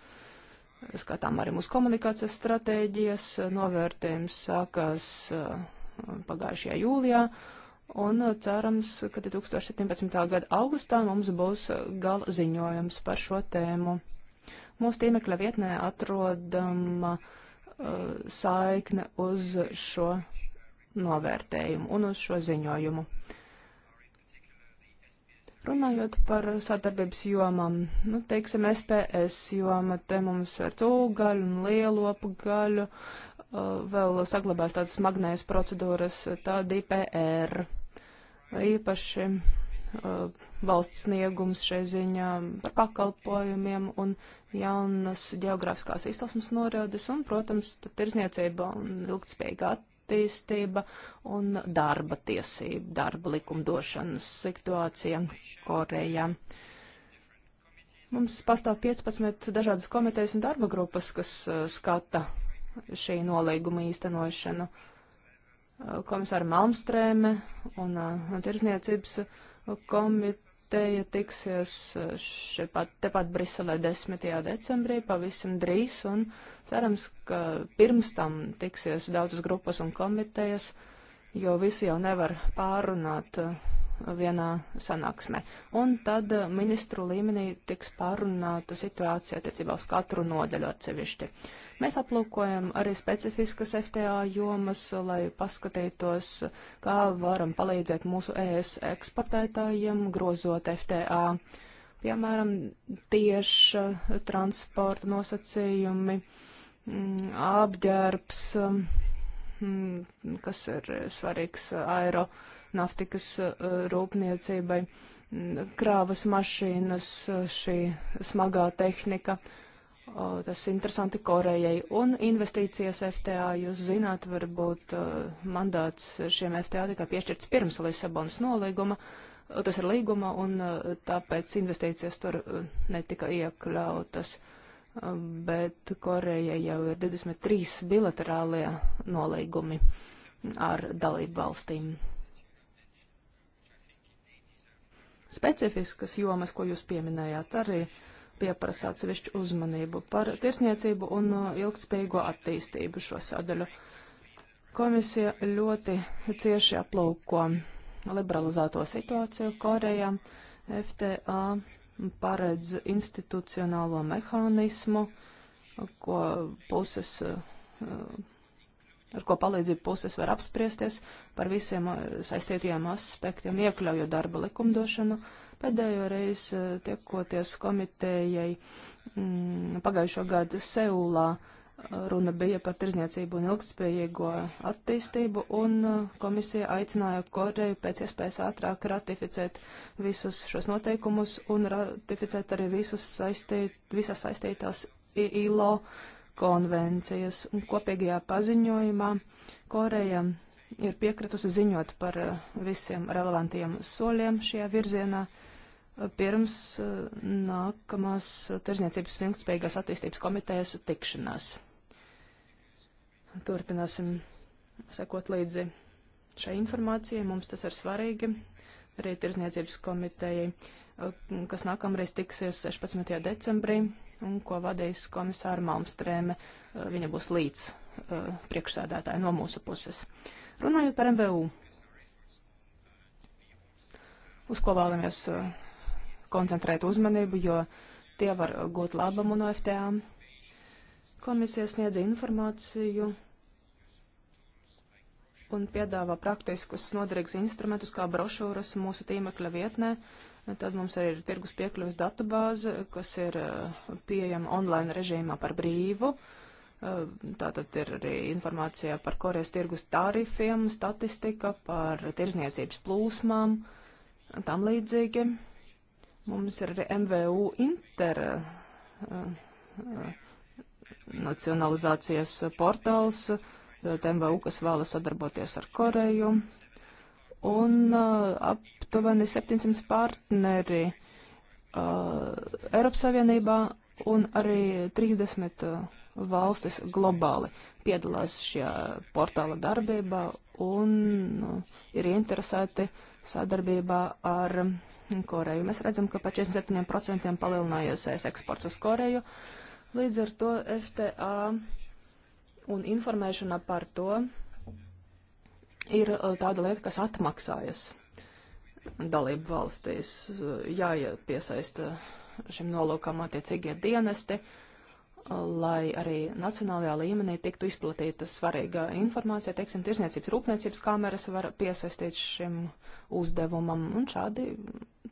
skatām arī mūsu komunikācijas stratēģijas. Novērtējums sākās eh, pagājušajā jūlijā un cerams, ka 2017. gada augustā mums būs gala ziņojums par šo tēmu. Mūsu tīmekļa vietnē atrodama uh, saikne uz šo novērtējumu un uz šo ziņojumu. Runājot par sadarbības jomām, nu, teiksim, SPS joma, te mums ar cūgaļu un lielopu gaļu uh, vēl saglabās tādas magnējas procedūras, tāda IPR. Īpaši uh, valsts sniegums šai ziņā par pakalpojumiem un jaunas geogrāfiskās izcelsmes norādes un, protams, tirzniecība un ilgtspējīga attīstība un darba tiesība, darba likumdošanas situācija Korejā. Mums pastāv 15 dažādas komitejas un darba grupas, kas uh, skata šī nolīguma īstenošanu. Uh, komisāra Malmstrēme un, uh, un tirzniecības komiteja komiteja tiksies eh, šepat, tepat Briselē 10. decembrī pavisam drīz un cerams, ka pirms tam tiksies daudzas grupas un komitejas, jo visu jau nevar pārunāt uh, vienā sanāksmē. Un tad eh, ministru līmenī tiks pārunāta situācija attiecībā uz katru nodaļu atsevišķi. Mēs aplūkojam arī specifiskas FTA jomas, lai paskatītos, kā varam palīdzēt mūsu ES eksportētājiem grozot FTA. Piemēram, tieša transporta nosacījumi, mm, apģērbs, mm, kas ir svarīgs aero naftikas uh, rūpniecībai, mm, krāvas mašīnas, uh, šī smagā tehnika. Tas ir interesanti Korejai. Un investīcijas FTA, jūs zināt, varbūt uh, mandāts šiem FTA tika piešķirts pirms Lisabonas nolīguma. Tas ir līguma, un tāpēc investīcijas tur netika iekļautas bet Koreja jau ir 23 bilaterālie nolīgumi ar dalību valstīm. specifiskas jomas, ko jūs pieminējāt, arī pieprasa atsevišķu uzmanību par tirsniecību un uh, ilgspējīgo attīstību šo sadaļu. Komisija ļoti cieši aplūko liberalizēto situāciju Korejā. FTA paredz institucionālo mehānismu, ko puses uh, ar ko palīdzību puses var apspriesties par visiem eh, saistītajiem aspektiem, iekļaujot darba likumdošanu. Pēdējo reizi eh, tiekoties komitējai m, mm, pagājušo gadu Seulā, eh, runa bija par tirzniecību un ilgspējīgo attīstību, un komisija aicināja Koreju pēc iespējas ātrāk ratificēt visus šos noteikumus un ratificēt arī visus saistīt, visas saistītās ILO konvencijas. Un kopīgajā paziņojumā Koreja ir piekritusi ziņot par eh, visiem relevantiem soļiem šajā virzienā eh, pirms eh, nākamās Tirzniecības ilgspējīgās attīstības komitejas tikšanās. Turpināsim sekot līdzi šai informācijai. Mums tas ir svarīgi arī Tirzniecības komitejai, kas nākamreiz tiksies 16. decembrī un ko vadīs komisāra Malmstrēme. Eh, viņa būs līdz eh, priekšsēdētāja no mūsu puses. Runājot par MVU, uz ko vēlamies eh, koncentrēt uzmanību, jo tie var gūt labumu no FTA. Komisija sniedz informāciju un piedāvā praktiskus noderīgus instrumentus, kā brošūras mūsu tīmekļa vietnē. Tad mums arī ir tirgus piekļuves datubāze, kas ir uh, pieejama online režīmā par brīvu. Uh, tātad ir arī informācija par Korejas tirgus tarifiem, statistika par tirzniecības plūsmām, tam līdzīgi. Mums ir arī MVU inter uh, nacionalizācijas portāls, uh, MVU, kas vēlas sadarboties ar Koreju. Un uh, aptuveni 700 partneri uh, Eiropas Savienībā un arī 30 uh, valstis globāli piedalās šajā portāla darbībā un uh, ir interesēti sadarbībā ar Koreju. Mēs redzam, ka par 47% palielinājies eksports uz Koreju. Līdz ar to FTA un informēšana par to ir uh, tāda lieta, kas atmaksājas dalību valstīs. Uh, Jāpiesaista šim nolūkam attiecīgie dienesti, uh, lai arī nacionālajā līmenī tiktu izplatīta svarīga informācija. Teiksim, tirsniecības rūpniecības kameras var piesaistīt šim uzdevumam, un šādi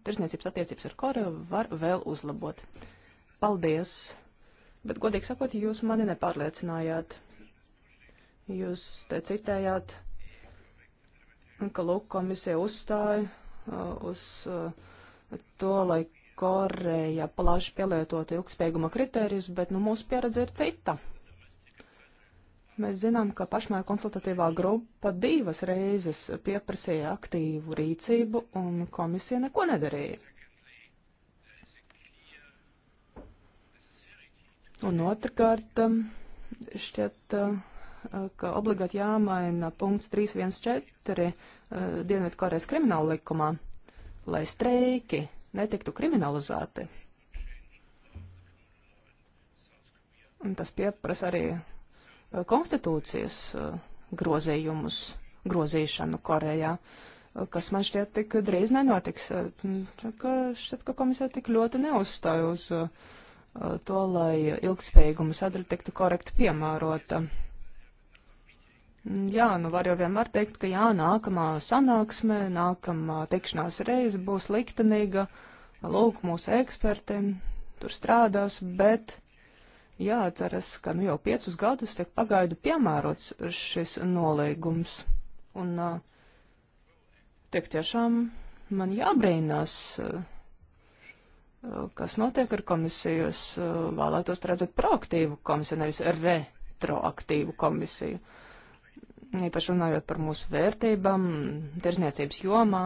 tirsniecības attiecības ar Koreju var vēl uzlabot. Paldies! Bet, godīgi sakot, jūs mani nepārliecinājāt. Jūs te citējāt, ka Lūk komisija uzstāja uh, uz uh, to, lai Koreja plaši pielietotu ilgspējīguma kritērijus, bet nu, mūsu pieredze ir cita. Mēs zinām, ka pašmāja konsultatīvā grupa divas reizes pieprasīja aktīvu rīcību, un komisija neko nedarīja. Un otrkārt, um, šķiet, uh, Eh, ka obligāti jāmaina punkts 314 eh, Dienvidkorejas krimināla likumā, lai streiki netiktu kriminalizēti. Un tas pieprasa arī eh, konstitūcijas grozījumus, grozīšanu Korejā, kas man šķiet tik drīz nenotiks. Ka šķiet, ka komisija tik ļoti neuzstāja uz to, lai ilgspējīguma sadra tiktu korekti piemērota. Mm, jā, nu var jau vienmēr teikt, ka jā, nākamā sanāksme, nākamā tikšanās reize būs liktenīga, lūk, mūsu eksperti tur strādās, bet jāatceras, ka nu jau piecus gadus tiek pagaidu piemērots šis nolīgums. Un tiek tiešām man jābrīnās, kas notiek ar komisijas, vēlētos redzēt proaktīvu komisiju, nevis retroaktīvu komisiju. Uh, īpaši runājot par mūsu vērtībām, tirzniecības jomā.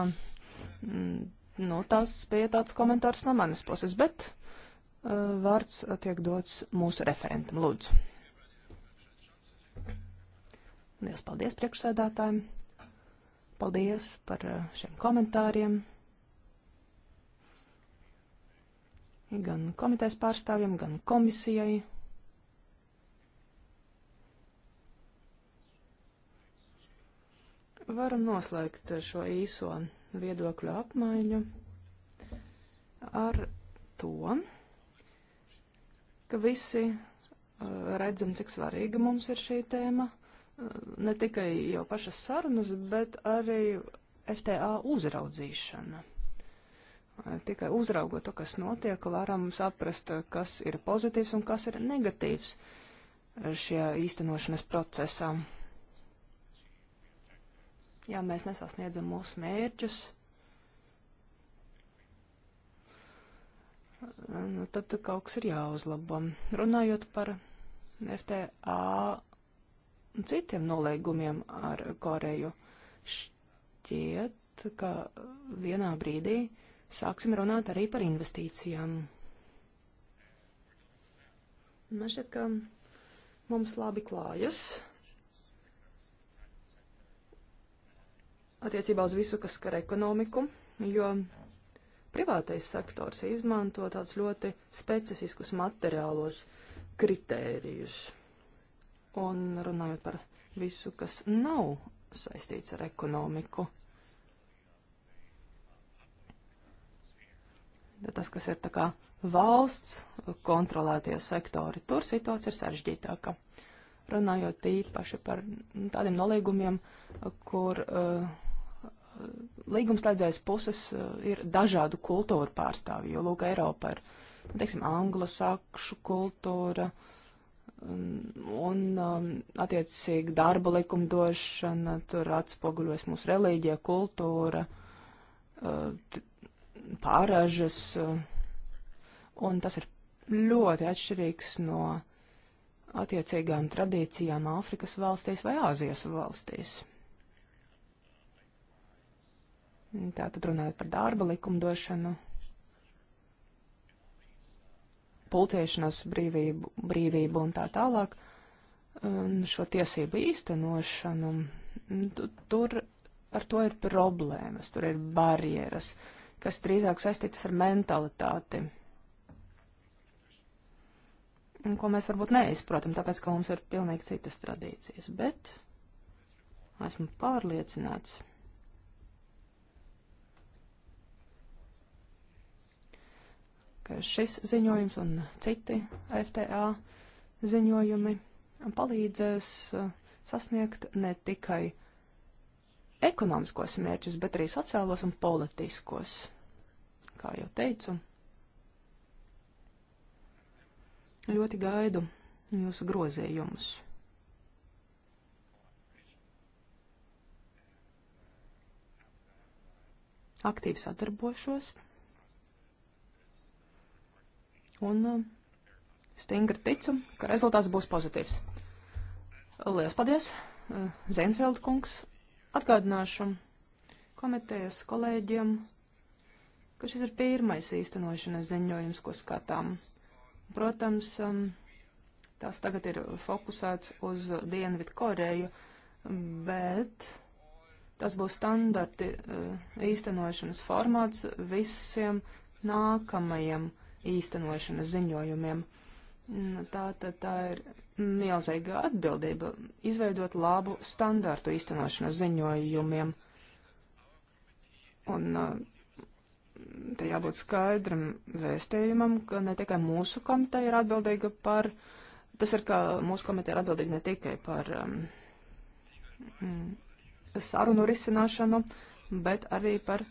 Mm, nu, tas bija tāds komentārs no manas puses, bet uh, vārds tiek dots mūsu referentam. Lūdzu. Lielas paldies priekšsēdātājiem. Paldies par uh, šiem komentāriem. Gan komitejas pārstāvjiem, gan komisijai. varam noslēgt šo īso viedokļu apmaiņu ar to, ka visi uh, redzam, cik svarīga mums ir šī tēma, uh, ne tikai jau pašas sarunas, bet arī FTA uzraudzīšana. Uh, tikai uzraugot to, kas notiek, varam saprast, kas ir pozitīvs un kas ir negatīvs šajā īstenošanas procesā ja mēs nesasniedzam mūsu mērķus, nu, tad kaut kas ir jāuzlabo. Runājot par FTA un citiem nolīgumiem ar Koreju, šķiet, ka vienā brīdī sāksim runāt arī par investīcijām. Man šķiet, ka mums labi klājas. attiecībā uz visu, kas skar ekonomiku, jo privātais sektors izmanto tādus ļoti specifiskus materiālos kritērijus. Un runājot par visu, kas nav saistīts ar ekonomiku. Tas, kas ir tā kā valsts kontrolētie sektori, tur situācija ir sarežģītāka. Runājot īpaši par tādiem nolīgumiem, kur uh, līgumslēdzējas puses eh, ir dažādu kultūru pārstāvji, jo, lūk, Eiropa ir, nu, teiksim, anglosakšu kultūra un, um, attiecīgi, darba likumdošana, tur atspoguļojas mūsu reliģija, kultūra, eh, pārāžas, eh, un tas ir ļoti atšķirīgs no attiecīgām tradīcijām Āfrikas valstīs vai Āzijas valstīs. Tātad runājot par darba likumdošanu, pulcēšanās brīvību, brīvību un tā tālāk, un šo tiesību īstenošanu, tur ar to ir problēmas, tur ir barjeras, kas drīzāk saistītas ar mentalitāti. Un, ko mēs varbūt neizprotam, tāpēc, ka mums ir pilnīgi citas tradīcijas, bet esmu pārliecināts ka šis ziņojums un citi FTA ziņojumi palīdzēs uh, sasniegt ne tikai ekonomiskos mērķus, bet arī sociālos un politiskos, kā jau teicu. Ļoti gaidu jūsu grozējumus. Aktīvi sadarbošos Un um, stingri ticu, ka rezultāts būs pozitīvs. Lielas paldies, uh, Zeinfeld kungs. Atgādināšu komitejas kolēģiem, ka šis ir pirmais īstenošanas ziņojums, ko skatām. Protams, um, tas tagad ir fokusēts uz Dienvidu Koreju, bet tas būs standarti uh, īstenošanas formāts visiem nākamajiem īstenošanas ziņojumiem. Nu, tā, tā, tā ir milzīga atbildība izveidot labu standārtu īstenošanas ziņojumiem. Un uh, te jābūt skaidram vēstījumam, ka ne tikai mūsu komiteja ir atbildīga par, tas ir, ka mūsu komiteja ir atbildīga ne tikai par um, sarunu risināšanu, bet arī par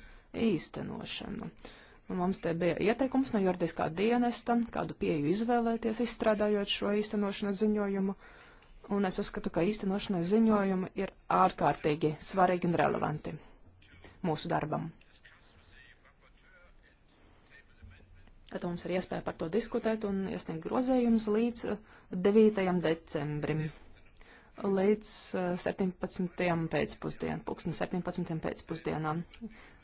īstenošanu. Uh, Nu, mums te bija ieteikums no juridiskā dienesta, kādu pieju izvēlēties, izstrādājot šo īstenošanas ziņojumu. Un es uzskatu, ka īstenošanas ziņojumi ir ārkārtīgi svarīgi un relevanti mūsu darbam. Tad mums ir iespēja par to diskutēt un iesniegt grozējumus līdz 9. Uh, decembrim līdz 17. Uh, pēcpusdienam, pulksten 17. pēcpusdienām.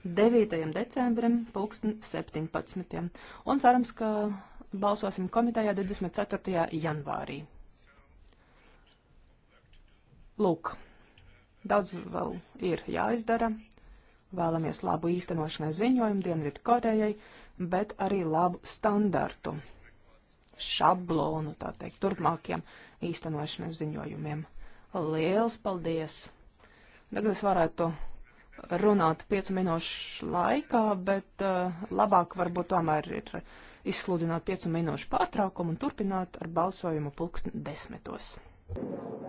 9. decembrim, 2017. Un cerams, ka balsosim komitejā 24. janvārī. Lūk, daudz vēl ir jāizdara. Vēlamies labu īstenošanai ziņojumu Dienvidu Korejai, bet arī labu standartu, šablonu, tā teikt, turpmākiem īstenošanas ziņojumiem. Liels paldies! Tagad es varētu runāt piecu minūšu laikā, bet uh, labāk varbūt tomēr ir izsludināt piecu minūšu pārtraukumu un turpināt ar balsojumu pulksten desmitos. Thank you.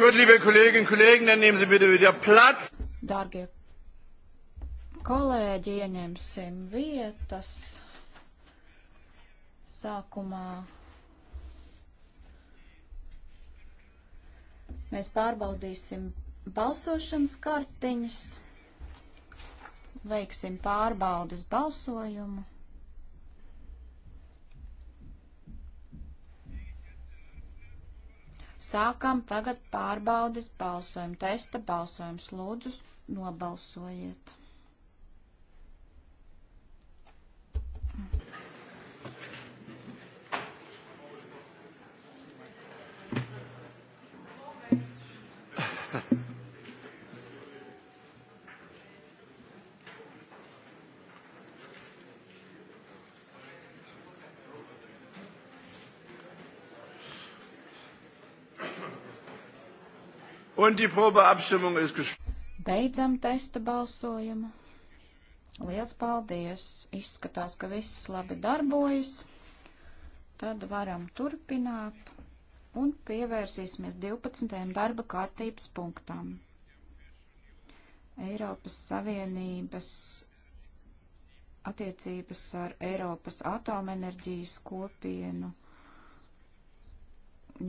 Gut, liebe Kolleginnen und Kollegen, dann nehmen Sie bitte wieder Platz. Dārgie kolēģi, ieņemsim vietas. Sākumā mēs pārbaudīsim balsošanas kartiņas, veiksim pārbaudas balsojumu. Sākam tagad pārbaudas balsojumu testa balsojums. Lūdzu, nobalsojiet! Un die Probeabstimmung ist geschlossen. Beidzam testa balsojumu. Lielas paldies! Izskatās, ka viss labi darbojas. Tad varam turpināt un pievērsīsimies 12. darba kārtības punktam. Eiropas Savienības attiecības ar Eiropas atomenerģijas kopienu,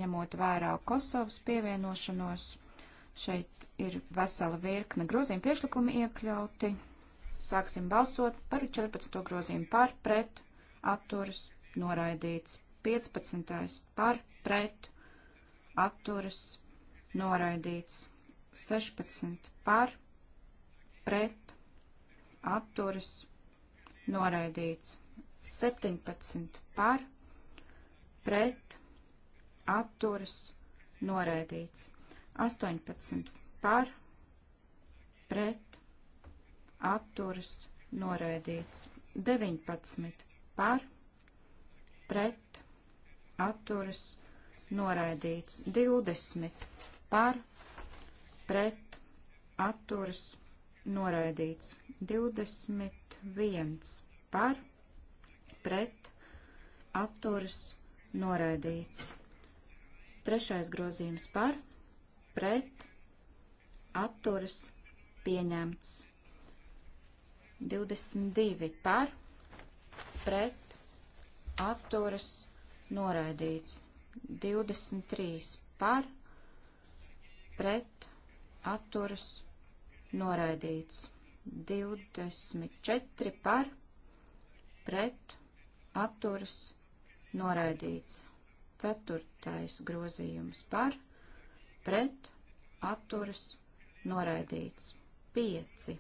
ņemot vērā Kosovas pievienošanos. Šeit ir vesela virkne grozījuma priekšlikumi iekļauti. Sāksim balsot par 14. grozījumu par, pret, atturas, noraidīts. 15. par, pret, atturas, noraidīts. 16. par, pret, atturas, noraidīts. 17. par, pret, atturas, noraidīts. 18 par, pret, atturas, noraidīts. 19 par, pret, atturas, noraidīts. 20 par, pret, atturas, noraidīts. 21 par, pret, atturas, noraidīts. Trešais grozījums par, pret, atturas, pieņemts. 22 par, pret, atturas, noraidīts. 23 par, pret, atturas, noraidīts. 24 par, pret, atturas, noraidīts. Ceturtais grozījums par, pret, pret, atturas, noraidīts. 5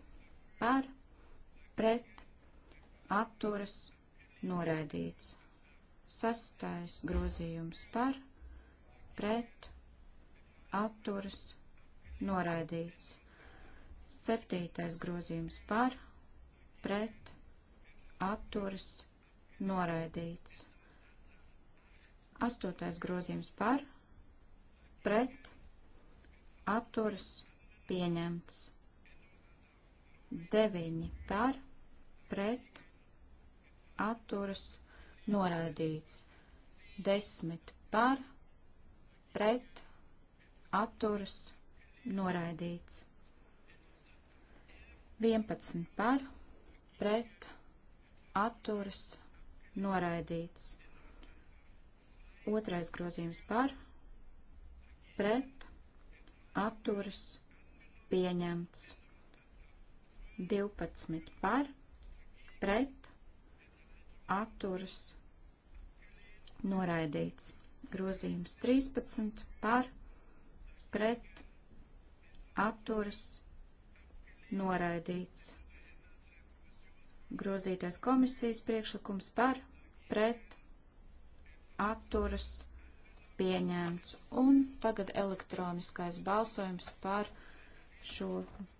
par, pret, atturas, noraidīts. Sastais grozījums par, pret, atturas, noraidīts. Septītais grozījums par, pret, atturas, noraidīts. Astotais grozījums par, pret, atturas pieņemts. 9 par, pret, atturas noraidīts. 10 par, pret, atturas noraidīts. 11 par, pret, atturas noraidīts. Otrais grozījums par, pret, atturas pieņemts. 12 par, pret, atturas noraidīts. Grozījums 13 par, pret, atturas noraidīts. Grozītais komisijas priekšlikums par, pret, atturas noraidīts pieņemts. Un tagad elektroniskais balsojums par šo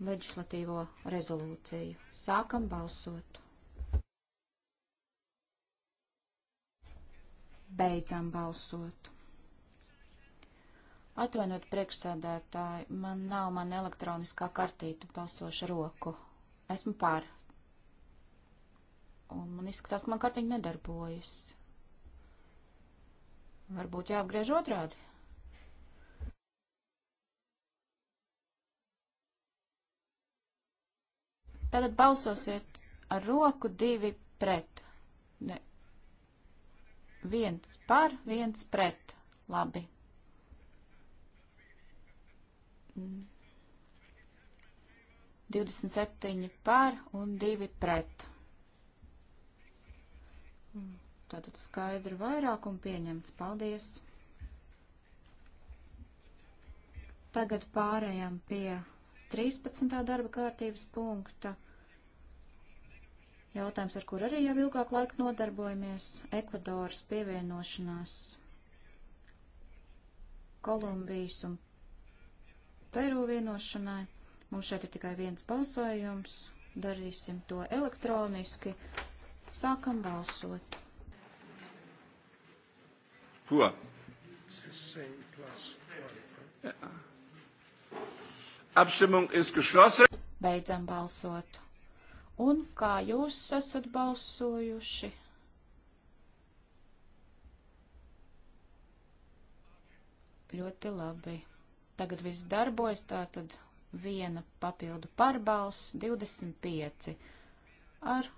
leģislatīvo rezolūciju. Sākam balsot. Beidzam balsot. Atvainot priekšsēdētāji, man nav man elektroniskā kartīta balsoša roku. Esmu pār. Un man izskatās, ka man kartiņa nedarbojas. Varbūt jāapgriež otrādi. Tātad balsosiet ar roku divi pret. Ne. Viens par, viens pret. Labi. Mm. 27 par un 2 pret. Mm. Tātad skaidru vairākumu pieņemts. Paldies! Tagad pārējām pie 13. darba kārtības punkta. Jautājums, ar kur arī jau ilgāk laika nodarbojamies - Ekvadoras pievienošanās Kolumbijas un Peru vienošanai. Mums šeit ir tikai viens balsojums. Darīsim to elektroniski. Sākam balsot. Pour. Abstimmung ist geschlossen. Beidzam balsot. Un kā jūs esat balsojuši? Ļoti labi. Tagad viss darbojas, tā tad viena papildu pārbalss, 25 ar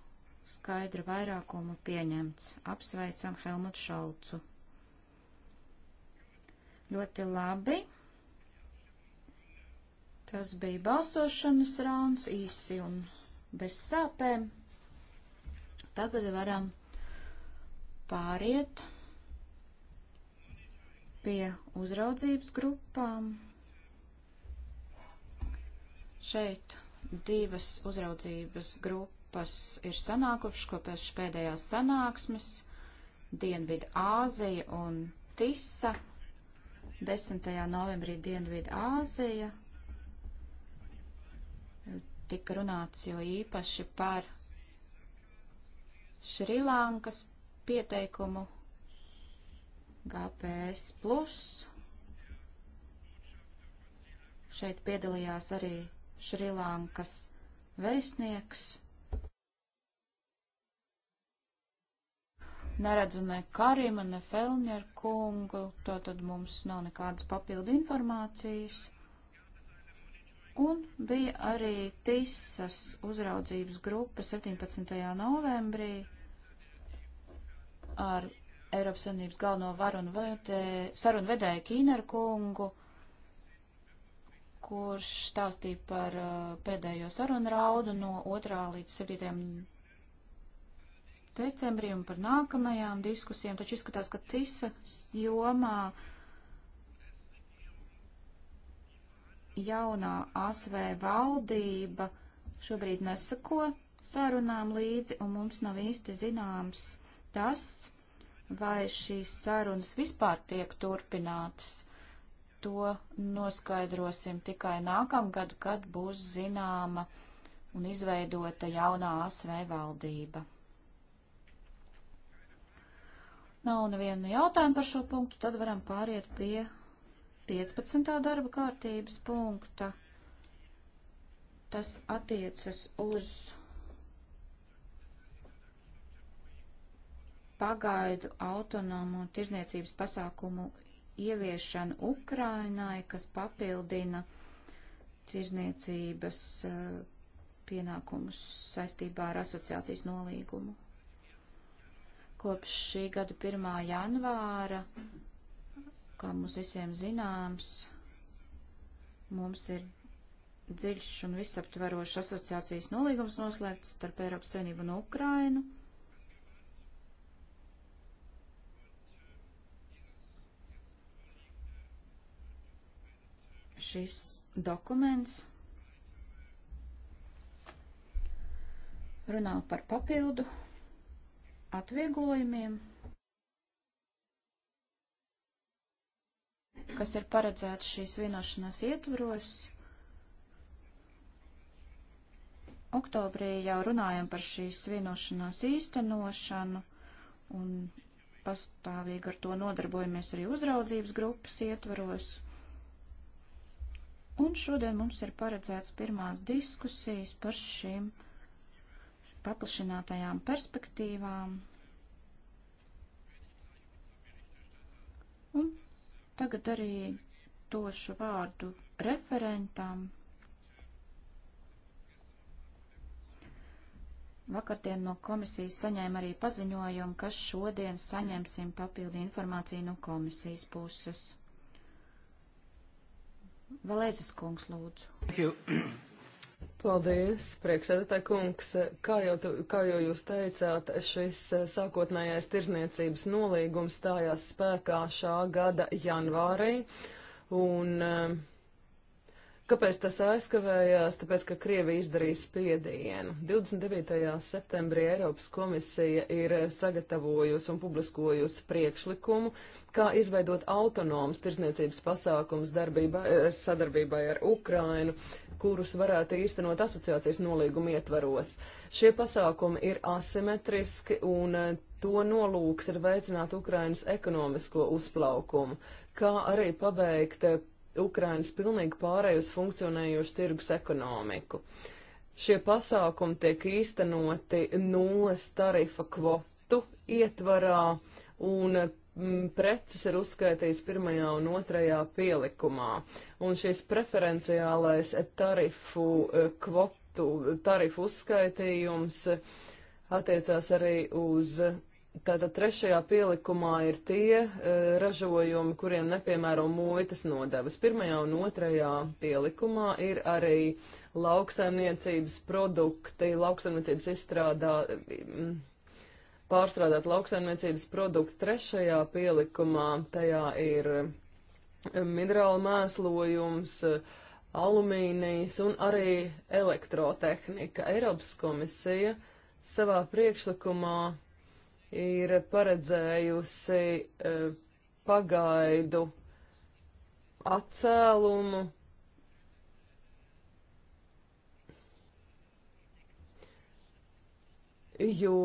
skaidru vairākumu pieņemts. Apsveicam Helmut Šalcu. Ļoti labi. Tas bija balsošanas rauns īsi un bez sāpēm. Tagad varam pāriet pie uzraudzības grupām. Šeit divas uzraudzības grupas ir sanākušas kopēc pēdējās sanāksmes - Dienvidu Āzija un Tisa. 10. novembrī Dienvidu Āzija. Tika runāts jo īpaši par Šrilankas pieteikumu GPS. Šeit piedalījās arī Šrilankas vēstnieks. neredzu ne Karima, ne Felņer kungu, to tad mums nav nekādas papildu informācijas. Un bija arī TISAS uzraudzības grupa 17. novembrī ar Eiropas Savienības galveno varunu sarunvedēju Kīneru kungu, kurš stāstīja par uh, pēdējo sarunu raudu no 2. līdz 7 decembrī un par nākamajām diskusijām, taču izskatās, ka tisa jomā jaunā ASV valdība šobrīd nesako sarunām līdzi, un mums nav īsti zināms tas, vai šīs sarunas vispār tiek turpinātas. To noskaidrosim tikai nākamgad, kad būs zināma un izveidota jaunā ASV valdība. nav neviena jautājuma par šo punktu, tad varam pāriet pie 15. darba kārtības punkta. Tas attiecas uz pagaidu autonomo tirzniecības pasākumu ieviešanu Ukrainai, kas papildina tirzniecības eh, pienākumus saistībā ar asociācijas nolīgumu. Kopš šī gada 1. janvāra, kā mums visiem zināms, mums ir dziļš un visaptverošs asociācijas nolīgums noslēgts starp Eiropas Savienību un Ukrainu. Šis dokuments runā par papildu atvieglojumiem, kas ir paredzēts šīs vienošanās ietvaros. Oktobrī jau runājam par šīs vienošanās īstenošanu un pastāvīgi ar to nodarbojamies arī uzraudzības grupas ietvaros. Un šodien mums ir paredzēts pirmās diskusijas par šīm paplašinātajām perspektīvām. Un tagad arī došu vārdu referentam. Vakardien no komisijas saņēma arī paziņojumu, ka šodien saņemsim papildi informāciju no komisijas puses. Valēzes kungs lūdzu. Paldies, priekšsēdētāj kungs. Kā jau, tu, kā jau jūs teicāt, šis eh, sākotnējais tirzniecības nolīgums stājās spēkā šā gada janvārī. Un, uh, Kāpēc tas aizkavējās? Tāpēc, ka Krievija izdarīja spiedienu. 29. septembrī Eiropas komisija ir sagatavojusi un publiskojusi priekšlikumu, kā izveidot autonomas tirzniecības pasākums darbībā, eh, sadarbībai ar Ukrainu, kurus varētu īstenot asociācijas nolīguma ietvaros. Šie pasākumi ir asimetriski un eh, to nolūks ir veicināt Ukrainas ekonomisko uzplaukumu, kā arī pabeigt eh, Ukrainas pilnīgi pārēju uz funkcionējošu tirgus ekonomiku. Šie pasākumi tiek īstenoti nulles tarifa kvotu ietvarā un mm, preces ir uzskaitīts pirmajā un otrajā pielikumā. Un šis preferenciālais tarifu eh, kvotu, tarifu uzskaitījums attiecās arī uz Tātad trešajā pielikumā ir tie e, ražojumi, kuriem nepiemēro muitas nodevas. Pirmajā un otrajā pielikumā ir arī lauksaimniecības produkti, lauksaimniecības izstrādā, e, pārstrādāt lauksaimniecības produktu. Trešajā pielikumā tajā ir e, minerāla mēslojums, e, alumīnijas un arī elektrotehnika. Eiropas komisija savā priekšlikumā ir paredzējusi e, pagaidu atcēlumu. Jo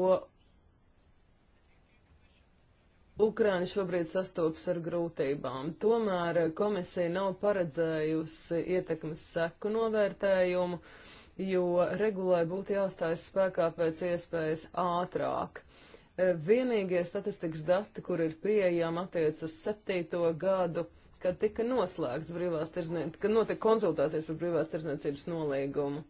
Ukraina šobrīd sastopas ar grūtībām. Tomēr komisija nav paredzējusi ietekmes seku novērtējumu, jo regulai būtu jāstājas spēkā pēc iespējas ātrāk. Vienīgie statistikas dati, kur ir pieejami, attiec uz septīto gadu, kad tika noslēgts brīvās tirdzniecības, kad notika konsultācijas par brīvās tirdzniecības nolīgumu.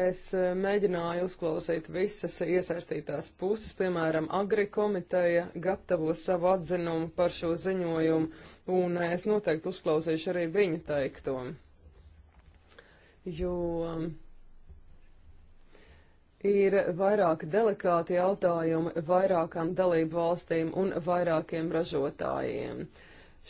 Es eh, mēģināju uzklausīt visas iesaistītās puses, piemēram, Agri komiteja gatavo savu atzinumu par šo ziņojumu, un eh, es noteikti uzklausīšu arī viņu teikto. Jo um, ir vairāki delikāti jautājumi vairākām dalību valstīm un vairākiem ražotājiem.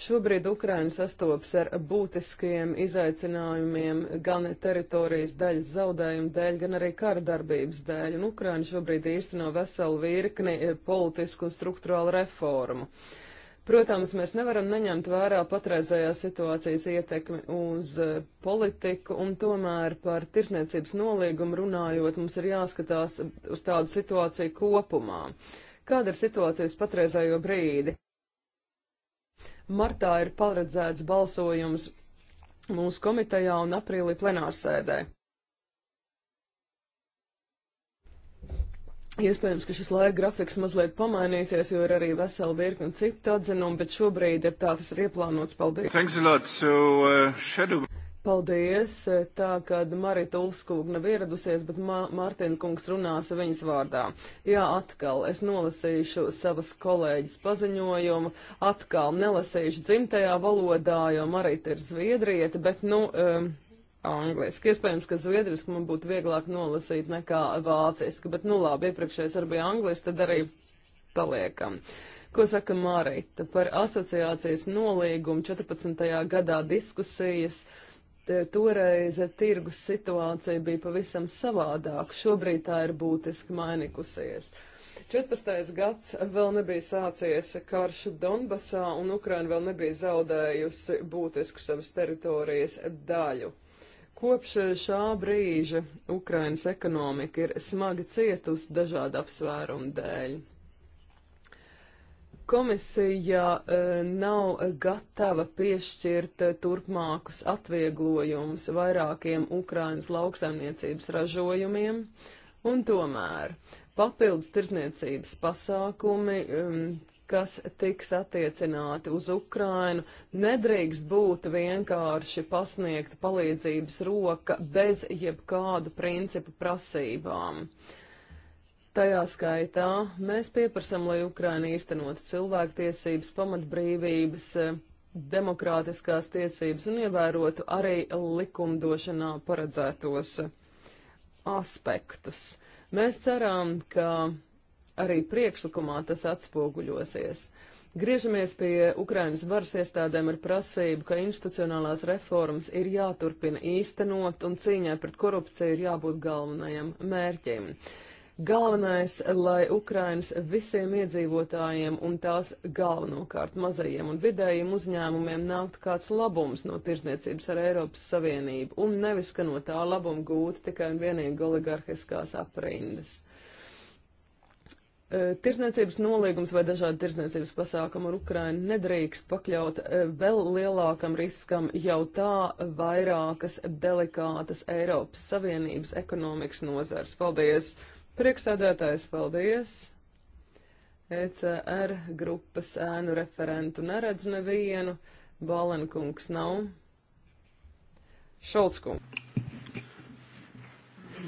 Šobrīd Ukraina sastopas ar būtiskiem izaicinājumiem gan teritorijas daļas zaudējumu dēļ, gan arī kara darbības dēļ, un Ukraina šobrīd īsteno veselu virkni eh, politisku un struktūrālu reformu. Uh, Protams, mēs nevaram neņemt vērā patreizējās situācijas ietekmi uz eh, politiku, un tomēr par tirsniecības nolīgumu runājot, mums ir jāskatās uz tādu situāciju kopumā. Kāda ir situācijas patreizējo brīdi? Martā ir paredzēts balsojums mūsu komitejā un aprīlī plenārsēdē. Iespējams, ka šis laika grafiks mazliet pamainīsies, jo ir arī vesela virkne citu atzinumu, bet šobrīd ir tā tas ir ieplānots. Paldies! Lot, so, uh, shadow... Paldies! Tā kā Marita Ulskūga nav ieradusies, bet Ma Mārtiņa kungs runās viņas vārdā. Jā, atkal es nolasīšu savas kolēģis paziņojumu, atkal nelasīšu dzimtajā valodā, jo Marita ir zviedrieta, bet nu. Um, angliski. Iespējams, ka zviedriski man būtu vieglāk nolasīt nekā vāciski, bet nu labi, iepriekšējais arī bija angliski, tad arī paliekam. Ko saka Mārita par asociācijas nolīgumu 14. gadā diskusijas? Toreiz tirgus situācija bija pavisam savādāka, šobrīd tā ir būtiski mainikusies. 14. gads vēl nebija sācies karš Donbasā, un Ukraina vēl nebija zaudējusi būtisku savas teritorijas daļu. Kopš eh, šā brīža Ukrainas ekonomika ir smagi cietusi dažādu apsvērumu dēļ. Komisija eh, nav gatava piešķirt eh, turpmākus atvieglojumus vairākiem Ukrainas lauksaimniecības ražojumiem, un tomēr papildus tirdzniecības pasākumi, ehm, kas tiks attiecināti uz Ukrainu, nedrīkst būt vienkārši pasniegta palīdzības roka bez jebkādu principu prasībām. Tajā skaitā mēs pieprasam, lai Ukraina īstenot cilvēktiesības, pamatbrīvības, demokrātiskās tiesības un ievērotu arī likumdošanā paredzētos aspektus. Mēs ceram, ka arī priekšlikumā tas atspoguļosies. Griežamies pie Ukrainas varas iestādēm ar prasību, ka institucionālās reformas ir jāturpina īstenot un cīņai pret korupciju ir jābūt galvenajam mērķim. Galvenais, lai Ukrainas visiem iedzīvotājiem un tās galvenokārt mazajiem un vidējiem uzņēmumiem nāktu kāds labums no tirzniecības ar Eiropas Savienību un nevis, ka no tā labumu gūtu tikai un vienīgi oligarhiskās aprindas. Eh, tirzniecības nolīgums vai dažādi tirzniecības pasākumi ar Ukrainu nedrīkst pakļaut eh, vēl lielākam riskam jau tā vairākas delikātas Eiropas Savienības ekonomikas nozars. Paldies! Priekšsēdētājs, paldies! ECR grupas ēnu referentu neredz nevienu, Balenkungs nav. Šolckungs.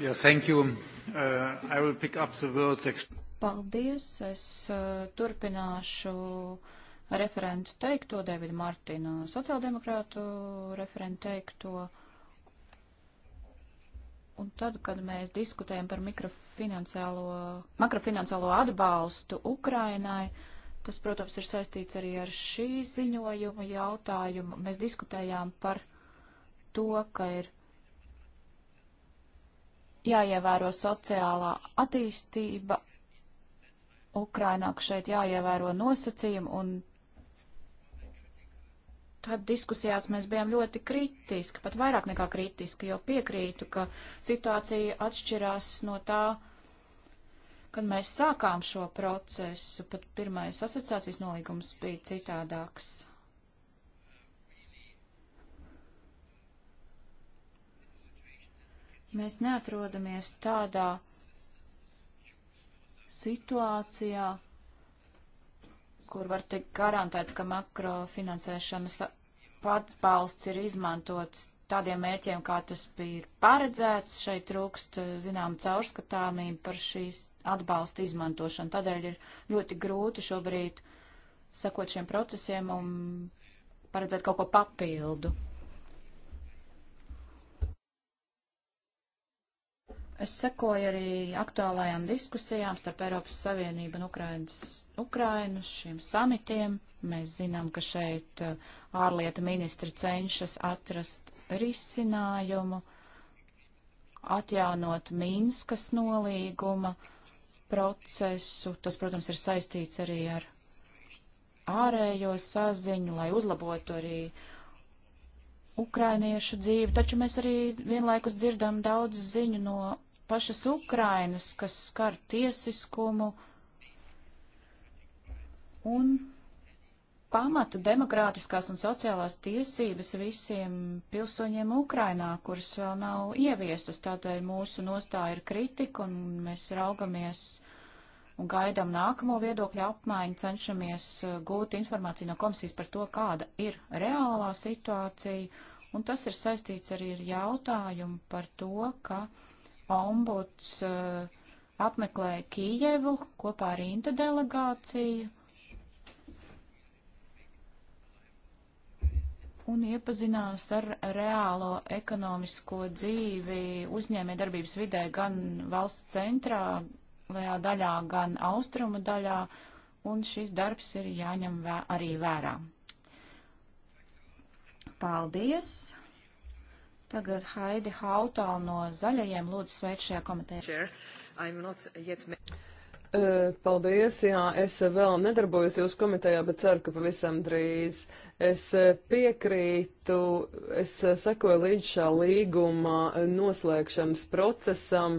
Yes, thank you. Uh, I will pick up the words. Paldies! Es uh, turpināšu referentu teikto, Davida Martina, sociāldemokrātu referentu teikto. Un tad, kad mēs diskutējam par makrofinanciālo atbalstu Ukrainai, tas, protams, ir saistīts arī ar šī ziņojuma jautājumu. Mēs diskutējām par to, ka ir jāievēro sociālā attīstība Ukrainā, ka šeit jāievēro nosacījumi, un tad diskusijās mēs bijām ļoti kritiski, pat vairāk nekā kritiski, jo piekrītu, ka situācija atšķirās no tā, kad mēs sākām šo procesu, pat pirmais asociācijas nolīgums bija citādāks. Mēs neatrodamies tādā situācijā, kur var teikt garantēts, ka makrofinansēšanas atbalsts ir izmantots tādiem mērķiem, kā tas bija paredzēts. Šeit trūkst, zinām, caurskatāmība par šīs atbalsta izmantošanu. Tādēļ ir ļoti grūti šobrīd sekot šiem procesiem un paredzēt kaut ko papildu. Es sekoju arī aktuālajām diskusijām starp Eiropas Savienību un Ukrainas, Ukrainu šiem samitiem. Mēs zinām, ka šeit uh, ārlietu ministri cenšas atrast risinājumu, atjaunot Minskas nolīguma procesu. Tas, protams, ir saistīts arī ar ārējo saziņu, lai uzlabotu arī ukrainiešu dzīvi, taču mēs arī vienlaikus dzirdam daudz ziņu no pašas Ukrainas, kas skar tiesiskumu un pamatu demokrātiskās un sociālās tiesības visiem pilsoņiem Ukrainā, kuras vēl nav ieviestas. Tādēļ mūsu nostāja ir kritika un mēs raugamies un gaidām nākamo viedokļu apmaiņu, cenšamies uh, gūt informāciju no komisijas par to, kāda ir reālā situācija. Un tas ir saistīts arī ar jautājumu par to, ka ombuds eh, apmeklēja Kijevu kopā ar Inta delegāciju un iepazinās ar reālo ekonomisko dzīvi uzņēmē darbības vidē gan valsts centrā, lielā daļā, gan austrumu daļā, un šis darbs ir jāņem vē arī vērā. Paldies! Tagad Haidi Hautāla no Zaļajiem lūdzu sveic šajā komitejā. E, paldies, jā, es vēl nedarbojos jūsu komitejā, bet ceru, ka pavisam drīz. Es e, piekrītu, es e, sekoju līdz šā līguma noslēgšanas procesam,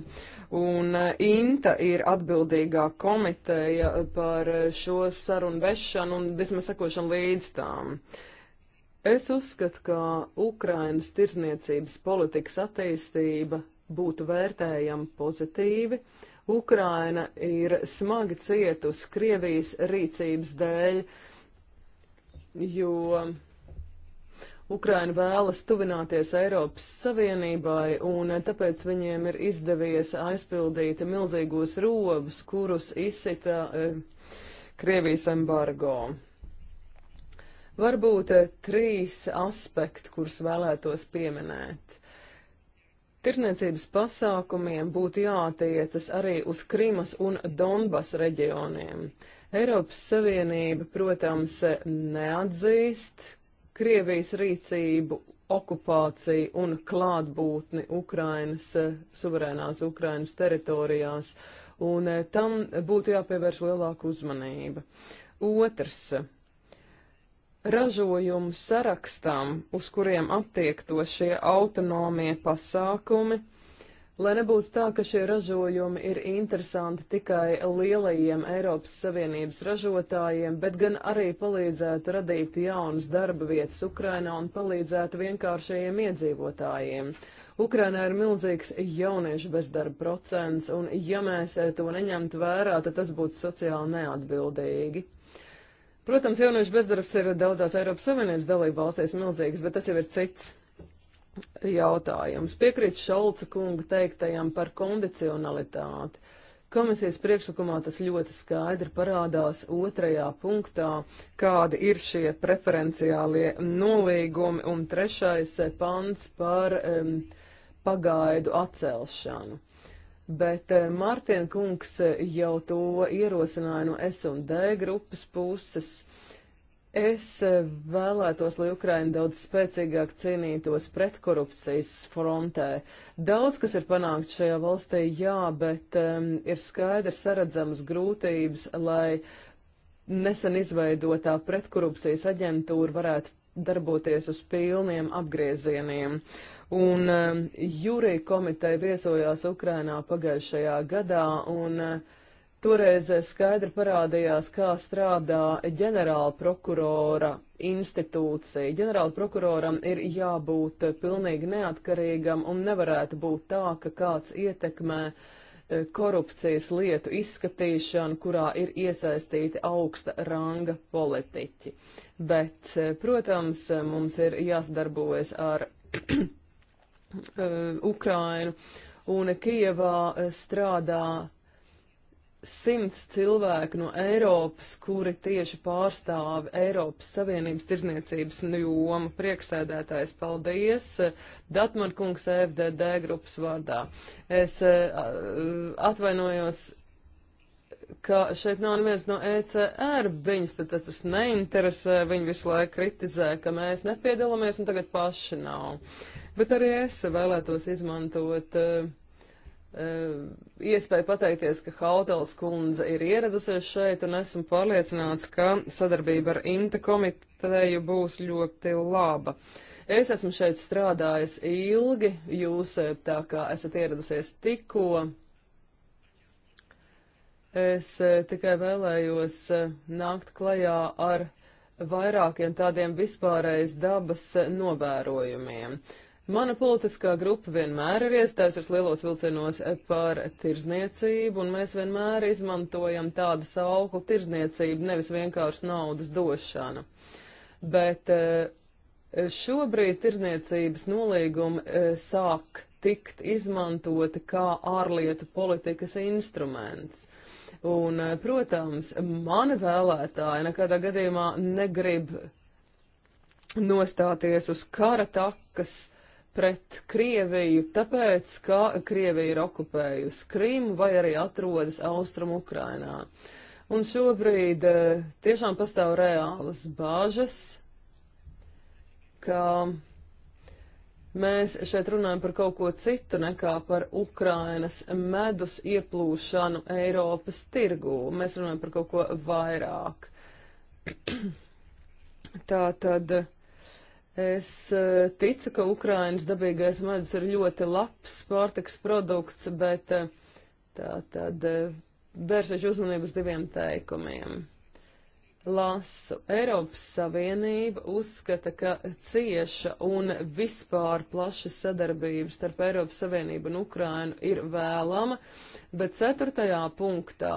un INTA ir atbildīgā komiteja par šo sarunu vešanu un vismaz sekošanu līdz tām. Uh, Es uzskatu, ka Ukrainas tirzniecības politikas attīstība būtu vērtējama pozitīvi. Ukraina ir smagi cietusi Krievijas rīcības dēļ, jo Ukraina vēlas tuvināties Eiropas Savienībai, un tāpēc viņiem ir izdevies aizpildīt milzīgos rovus, kurus izsita eh, Krievijas embargo. Varbūt eh, trīs aspekti, kurus vēlētos pieminēt. Tirniecības pasākumiem būtu jātiecas arī uz Krimas un Donbas reģioniem. Eiropas Savienība, protams, neatzīst Krievijas rīcību, okupāciju un klātbūtni Ukrainas, eh, suverēnās Ukrainas teritorijās, un eh, tam būtu jāpievērš lielāka uzmanība. Otrs ražojumu sarakstam, uz kuriem attiekto šie autonomie pasākumi, lai nebūtu tā, ka šie ražojumi ir interesanti tikai lielajiem Eiropas Savienības ražotājiem, bet gan arī palīdzētu radīt jaunas darba vietas Ukrainā un palīdzētu vienkāršajiem iedzīvotājiem. Ukrainā ir milzīgs jauniešu bezdarba procents, un ja mēs to neņemtu vērā, tad tas būtu sociāli neatbildīgi. Protams, jauniešu bezdarbs ir daudzās Eiropas Savienības dalība valstīs milzīgs, bet tas jau ir cits jautājums. Piekrīt Šolca kunga teiktajam par kondicionalitāti. Komisijas priekšlikumā tas ļoti skaidri parādās otrajā punktā, kādi ir šie preferenciālie nolīgumi un trešais pants par um, pagaidu atcelšanu bet eh, Mārtiņa kungs eh, jau to ierosināja no S&D grupas puses. Es eh, vēlētos, lai Ukraina daudz spēcīgāk cīnītos pret korupcijas frontē. Daudz, kas ir panākts šajā valstī, jā, bet um, ir skaidrs saredzamas grūtības, lai nesen izveidotā pretkorupcijas aģentūra varētu darboties uz pilniem apgriezieniem. Uh, Un eh, jūrija komiteja viesojās Ukrainā pagājušajā gadā, un eh, toreiz skaidri parādījās, kā strādā ģenerāla prokurora institūcija. Ģenerāla prokuroram ir jābūt eh, pilnīgi neatkarīgam un nevarētu būt tā, ka kāds ietekmē korupcijas lietu izskatīšanu, kurā ir iesaistīti augsta ranga politiķi. Bet, protams, mums ir jāsadarbojas ar Eh, Ukrainu, un Kievā eh, strādā simts cilvēku no Eiropas, kuri tieši pārstāv Eiropas Savienības tirzniecības jomu. Prieksēdētājs, paldies! Datman kungs FDD grupas vārdā. Es eh, atvainojos, ka šeit nav neviens no ECR, viņus tad, tad tas neinteresē, viņi visu laiku kritizē, ka mēs nepiedalāmies un tagad paši nav. Bet arī es vēlētos izmantot uh, iespēju pateikties, ka Hautels kundze ir ieradusies šeit, un esmu pārliecināts, ka sadarbība ar Inta komiteju būs ļoti laba. Es esmu šeit strādājis ilgi, jūs eh, tā kā esat ieradusies tikko. Es tikai vēlējos nākt klajā ar vairākiem tādiem vispārējais dabas novērojumiem. Uh, Mana politiskā grupa vienmēr ir iestājusies lielos vilcienos eh, par tirzniecību, un mēs vienmēr izmantojam tādu sauklu tirzniecību, nevis vienkārši naudas došana. Bet eh, šobrīd tirzniecības nolīgumi eh, sāk tikt izmantoti kā ārlietu politikas instruments. Un, protams, mani vēlētāji nekādā gadījumā negrib nostāties uz kara takas, pret Krieviju, tāpēc, ka Krievija ir okupējusi Krimu vai arī atrodas Austrum Ukrainā. Un šobrīd eh, tiešām pastāv reālas bāžas, ka mēs šeit runājam par kaut ko citu nekā par Ukrainas medus ieplūšanu Eiropas tirgū. Mēs runājam par kaut ko vairāk. Tā tad. Es eh, ticu, ka Ukrainas dabīgais medus ir ļoti labs pārtiks produkts, bet eh, tā tad eh, vēršašu uzmanību uz diviem teikumiem. Lasu. Eiropas Savienība uzskata, ka cieša un vispār plaša sadarbība starp Eiropas Savienību un Ukrainu ir vēlama, bet ceturtajā punktā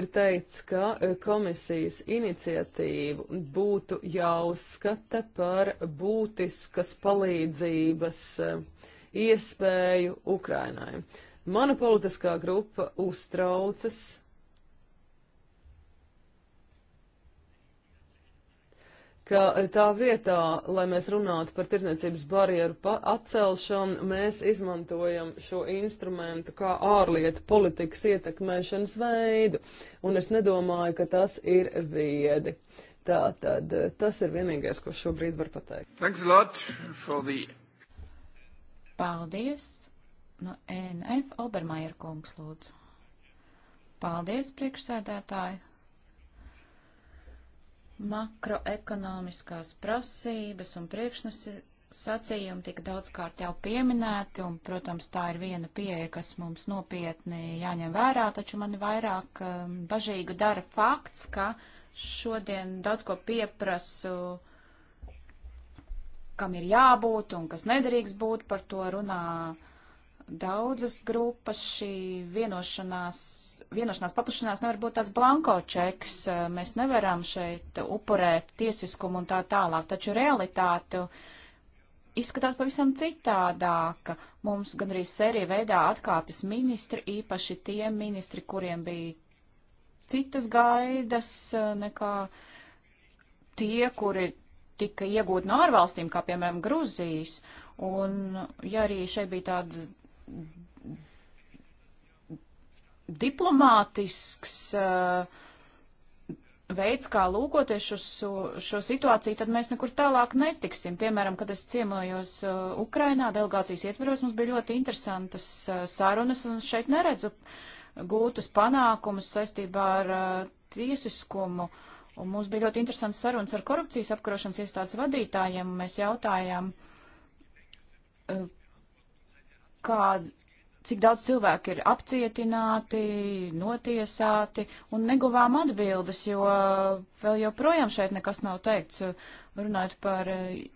ir teikts, ka e, komisijas iniciatīvu būtu jāuzskata par būtiskas palīdzības e, iespēju Ukrainai. Mana politiskā grupa uztraucas ka eh, tā vietā, lai mēs runātu par tirdzniecības barjeru atcelšanu, mēs izmantojam šo instrumentu kā ārlietu politikas ietekmēšanas veidu, un es nedomāju, ka tas ir viedi. Tā tad eh, tas ir vienīgais, ko šobrīd var pateikt. The... Paldies. No nu, NF Obermajer kungs lūdzu. Paldies, priekšsēdētāji. Makroekonomiskās prasības un priekšnosacījumi tik daudzkārt jau pieminēti, un, protams, tā ir viena pieeja, kas mums nopietni jāņem vērā, taču mani vairāk um, bažīgu dara fakts, ka šodien daudz ko pieprasu kam ir jābūt un kas nedrīkst būt, par to runā daudzas grupas. Šī vienošanās vienošanās paplašanās nevar būt tāds blanko čeks. Eh, mēs nevaram šeit upurēt tiesiskumu un tā tālāk, taču realitāte izskatās pavisam citādāka. Mums gandrīz sērija veidā atkāpjas ministri, īpaši tie ministri, kuriem bija citas gaidas eh, nekā tie, kuri tika iegūti no ārvalstīm, kā piemēram Gruzijas. Un ja arī šeit bija tāda diplomātisks uh, veids, kā lūkoties uz šo, šo situāciju, tad mēs nekur tālāk netiksim. Piemēram, kad es ciemojos uh, Ukrainā, delegācijas ietveros, mums bija ļoti interesantas uh, sarunas, un šeit neredzu gūtus panākumus saistībā ar uh, tiesiskumu. Un mums bija ļoti interesants sarunas ar korupcijas apkarošanas iestādes vadītājiem, un mēs jautājām, uh, kāda cik daudz cilvēku ir apcietināti, notiesāti un neguvām atbildes, jo vēl joprojām šeit nekas nav teikts. Runājot par eh,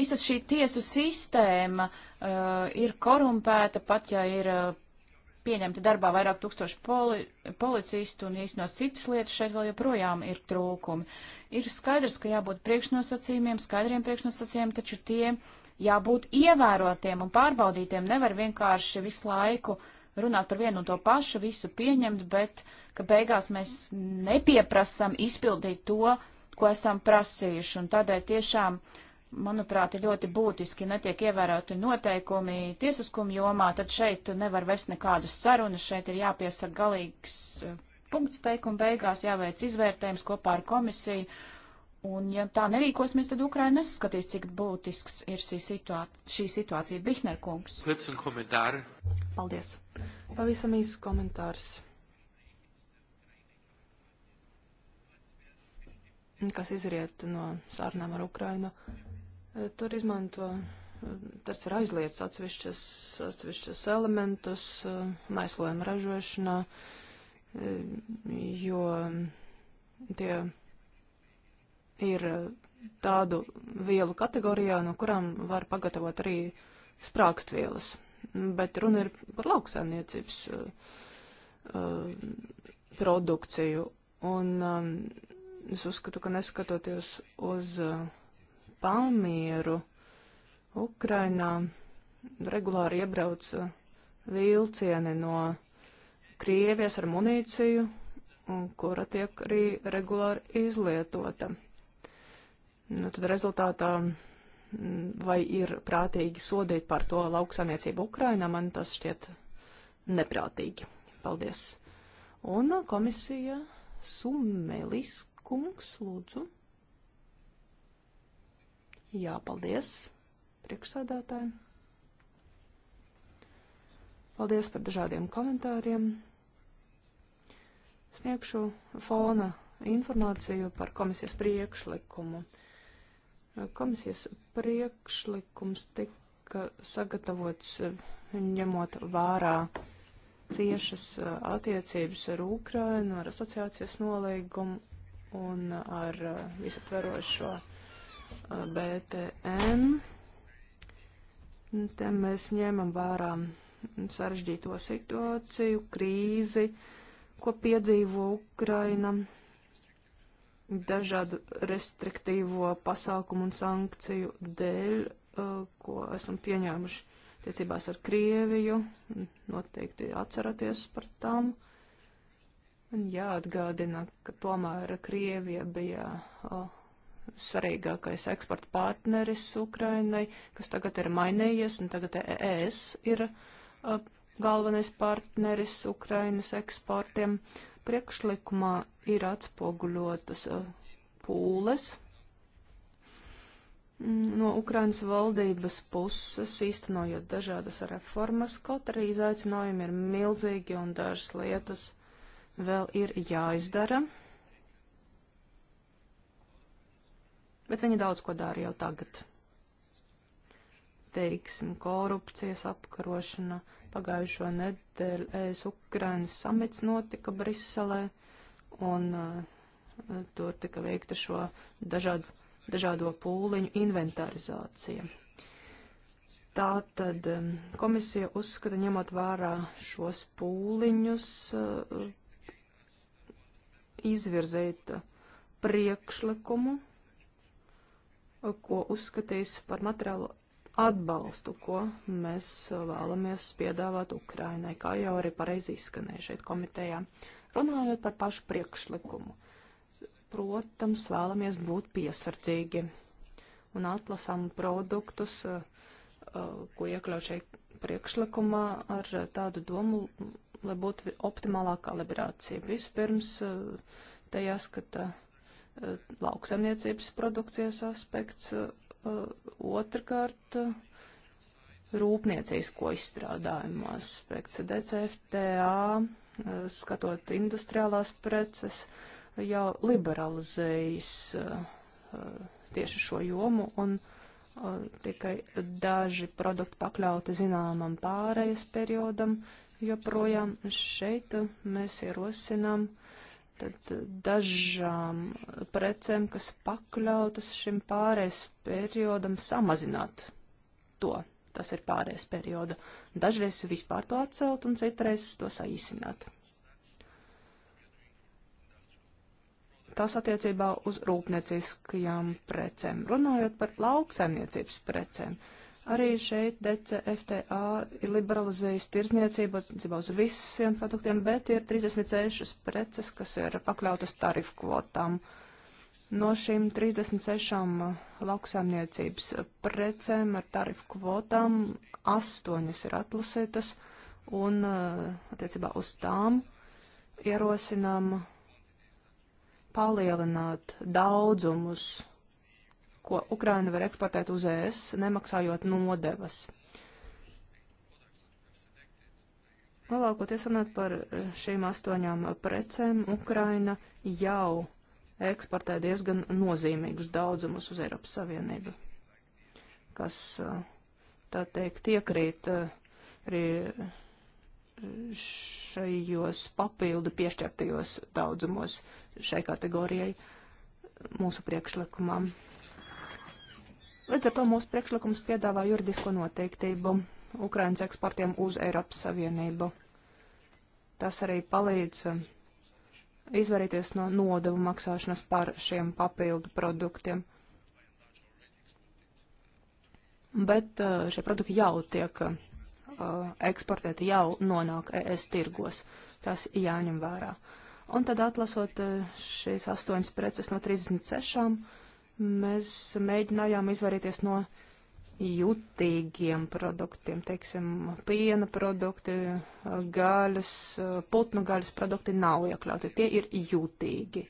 visas šī tiesu sistēma uh, ir korumpēta, pat ja ir eh, pieņemti darbā vairāk tūkstoši poli, policistu un īstenot citas lietas, šeit vēl joprojām ir trūkumi. Ir skaidrs, ka jābūt priekšnosacījumiem, skaidriem priekšnosacījumiem, taču tie jābūt ievērotiem un pārbaudītiem. Nevar vienkārši visu laiku runāt par vienu un to pašu, visu pieņemt, bet ka beigās mēs nepieprasam izpildīt to, ko esam prasījuši. Un tādēļ tiešām, manuprāt, ir ļoti būtiski, netiek ievēroti noteikumi tiesiskuma jomā, tad šeit nevar vest nekādas sarunas, šeit ir jāpiesaka galīgs eh, punkts teikuma beigās, jāveic izvērtējums kopā ar komisiju Un ja tā nerīkosimies, tad Ukraina neskatīs, cik būtisks ir šī, situāci šī situācija. Bihner kungs. Paldies. Pavisam īsts komentārs. Kas izriet no sārnām ar Ukrainu. Tur izmanto tas ir aizliedzis atsevišķas, atsevišķas elementus mēslojuma ražošanā, jo tie ir eh, tādu vielu kategorijā, no kurām var pagatavot arī sprākstvielas. Bet runa ir par lauksaimniecības uh, produkciju. Un um, es uzskatu, ka neskatoties uz uh, Palmieru, Ukrainā regulāri iebrauc uh, vilcieni no Krievijas ar munīciju, kura tiek arī regulāri izlietota. Nu, tad rezultātā mm, vai ir prātīgi sodīt par to lauksaniecību Ukrainā, man tas šķiet neprātīgi. Paldies. Un komisija Sumelis kungs, lūdzu. Jā, paldies priekšsādātājiem. Paldies par dažādiem komentāriem. Sniegšu fona informāciju par komisijas priekšlikumu. Uh, Komisijas priekšlikums tika sagatavots ņemot vērā ciešas attiecības ar Ukrainu, ar asociācijas nolīgumu un ar visaptverošo BTN. Te mēs ņemam vērā sarežģīto situāciju, krīzi, ko piedzīvo Ukraina dažādu restriktīvo pasākumu un sankciju dēļ, uh, ko esam pieņēmuši tiecībās ar Krieviju. Noteikti atceraties par tām. Jāatgādina, ka tomēr Krievija bija uh, svarīgākais eksporta partneris Ukrainai, kas tagad ir mainījies, un tagad ES e ir uh, galvenais partneris Ukrainas eksportiem. Uh, priekšlikumā ir atspoguļotas uh, pūles mm, no Ukrainas valdības puses, īstenojot dažādas reformas, kaut arī izaicinājumi ir milzīgi un dažas lietas vēl ir jāizdara. Bet viņi daudz ko dara jau tagad. Teiksim, korupcijas apkarošana, uh, Pagājušo nedēļu ES Ukrainas samits notika Briselē, un uh, tur tika veikta šo dažādu, dažādo pūliņu inventarizācija. Tātad um, komisija uzskata, ņemot vērā šos pūliņus, uh, izvirzīt priekšlikumu, ko uzskatīs par materiālo atbalstu, ko mēs uh, vēlamies piedāvāt Ukrainai, kā jau arī pareizi izskanēja šeit komitejā. Runājot par pašu priekšlikumu, protams, vēlamies būt piesardzīgi un atlasām produktus, uh, uh, ko iekļaut šeit priekšlikumā ar tādu domu, lai būtu optimālā kalibrācija. Vispirms te jāskata lauksamniecības produkcijas aspekts Eh, Otrakārt, eh, rūpniecisko izstrādājumu aspekts. DCFTA, eh, skatot industriālās preces, jau liberalizējis tieši šo jomu un tikai daži produkti pakļauti zināmam pārējas periodam joprojām. Šeit mēs ierosinām uh, tad eh, dažām precēm, kas pakļautas šim pārējais periodam, samazināt to. Tas ir pārējais perioda. Dažreiz vispār to atcelt un citreiz to saīsināt. Tas attiecībā uz rūpnieciskajām precēm. Runājot par lauksaimniecības precēm, uh, Arī šeit DCFTA ir liberalizējusi tirzniecību attiecībā uz visiem produktiem, bet ir 36 preces, kas ir pakļautas tarifu kvotām. No šīm 36 uh, lauksēmniecības precēm ar tarifu kvotām astoņas ir atlasītas, un uh, attiecībā uz tām ierosinām palielināt daudzumus ko Ukraina var eksportēt uz ES, nemaksājot nodevas. Lielākoties runāt par šīm astoņām precēm, Ukraina jau eksportē diezgan nozīmīgus daudzumus uz Eiropas Savienību, kas, eh, tā teikt, iekrīt eh, arī eh, šajos papildu piešķirtajos daudzumos šai kategorijai mūsu priekšlikumam. Līdz ar to mūsu priekšlikums piedāvā juridisko noteiktību Ukrainas eksportiem uz Eiropas Savienību. Tas arī palīdz um, izvairīties no nodevu maksāšanas par šiem papildu produktiem. Bet uh, šie produkti jau tiek uh, eksportēti, jau nonāk ES tirgos. Tas jāņem vērā. Un tad atlasot uh, šīs astoņas preces no 36 mēs mēģinājām izvairīties no jutīgiem produktiem, teiksim, piena produkti, gaļas, putnu gaļas produkti nav iekļauti, tie ir jutīgi.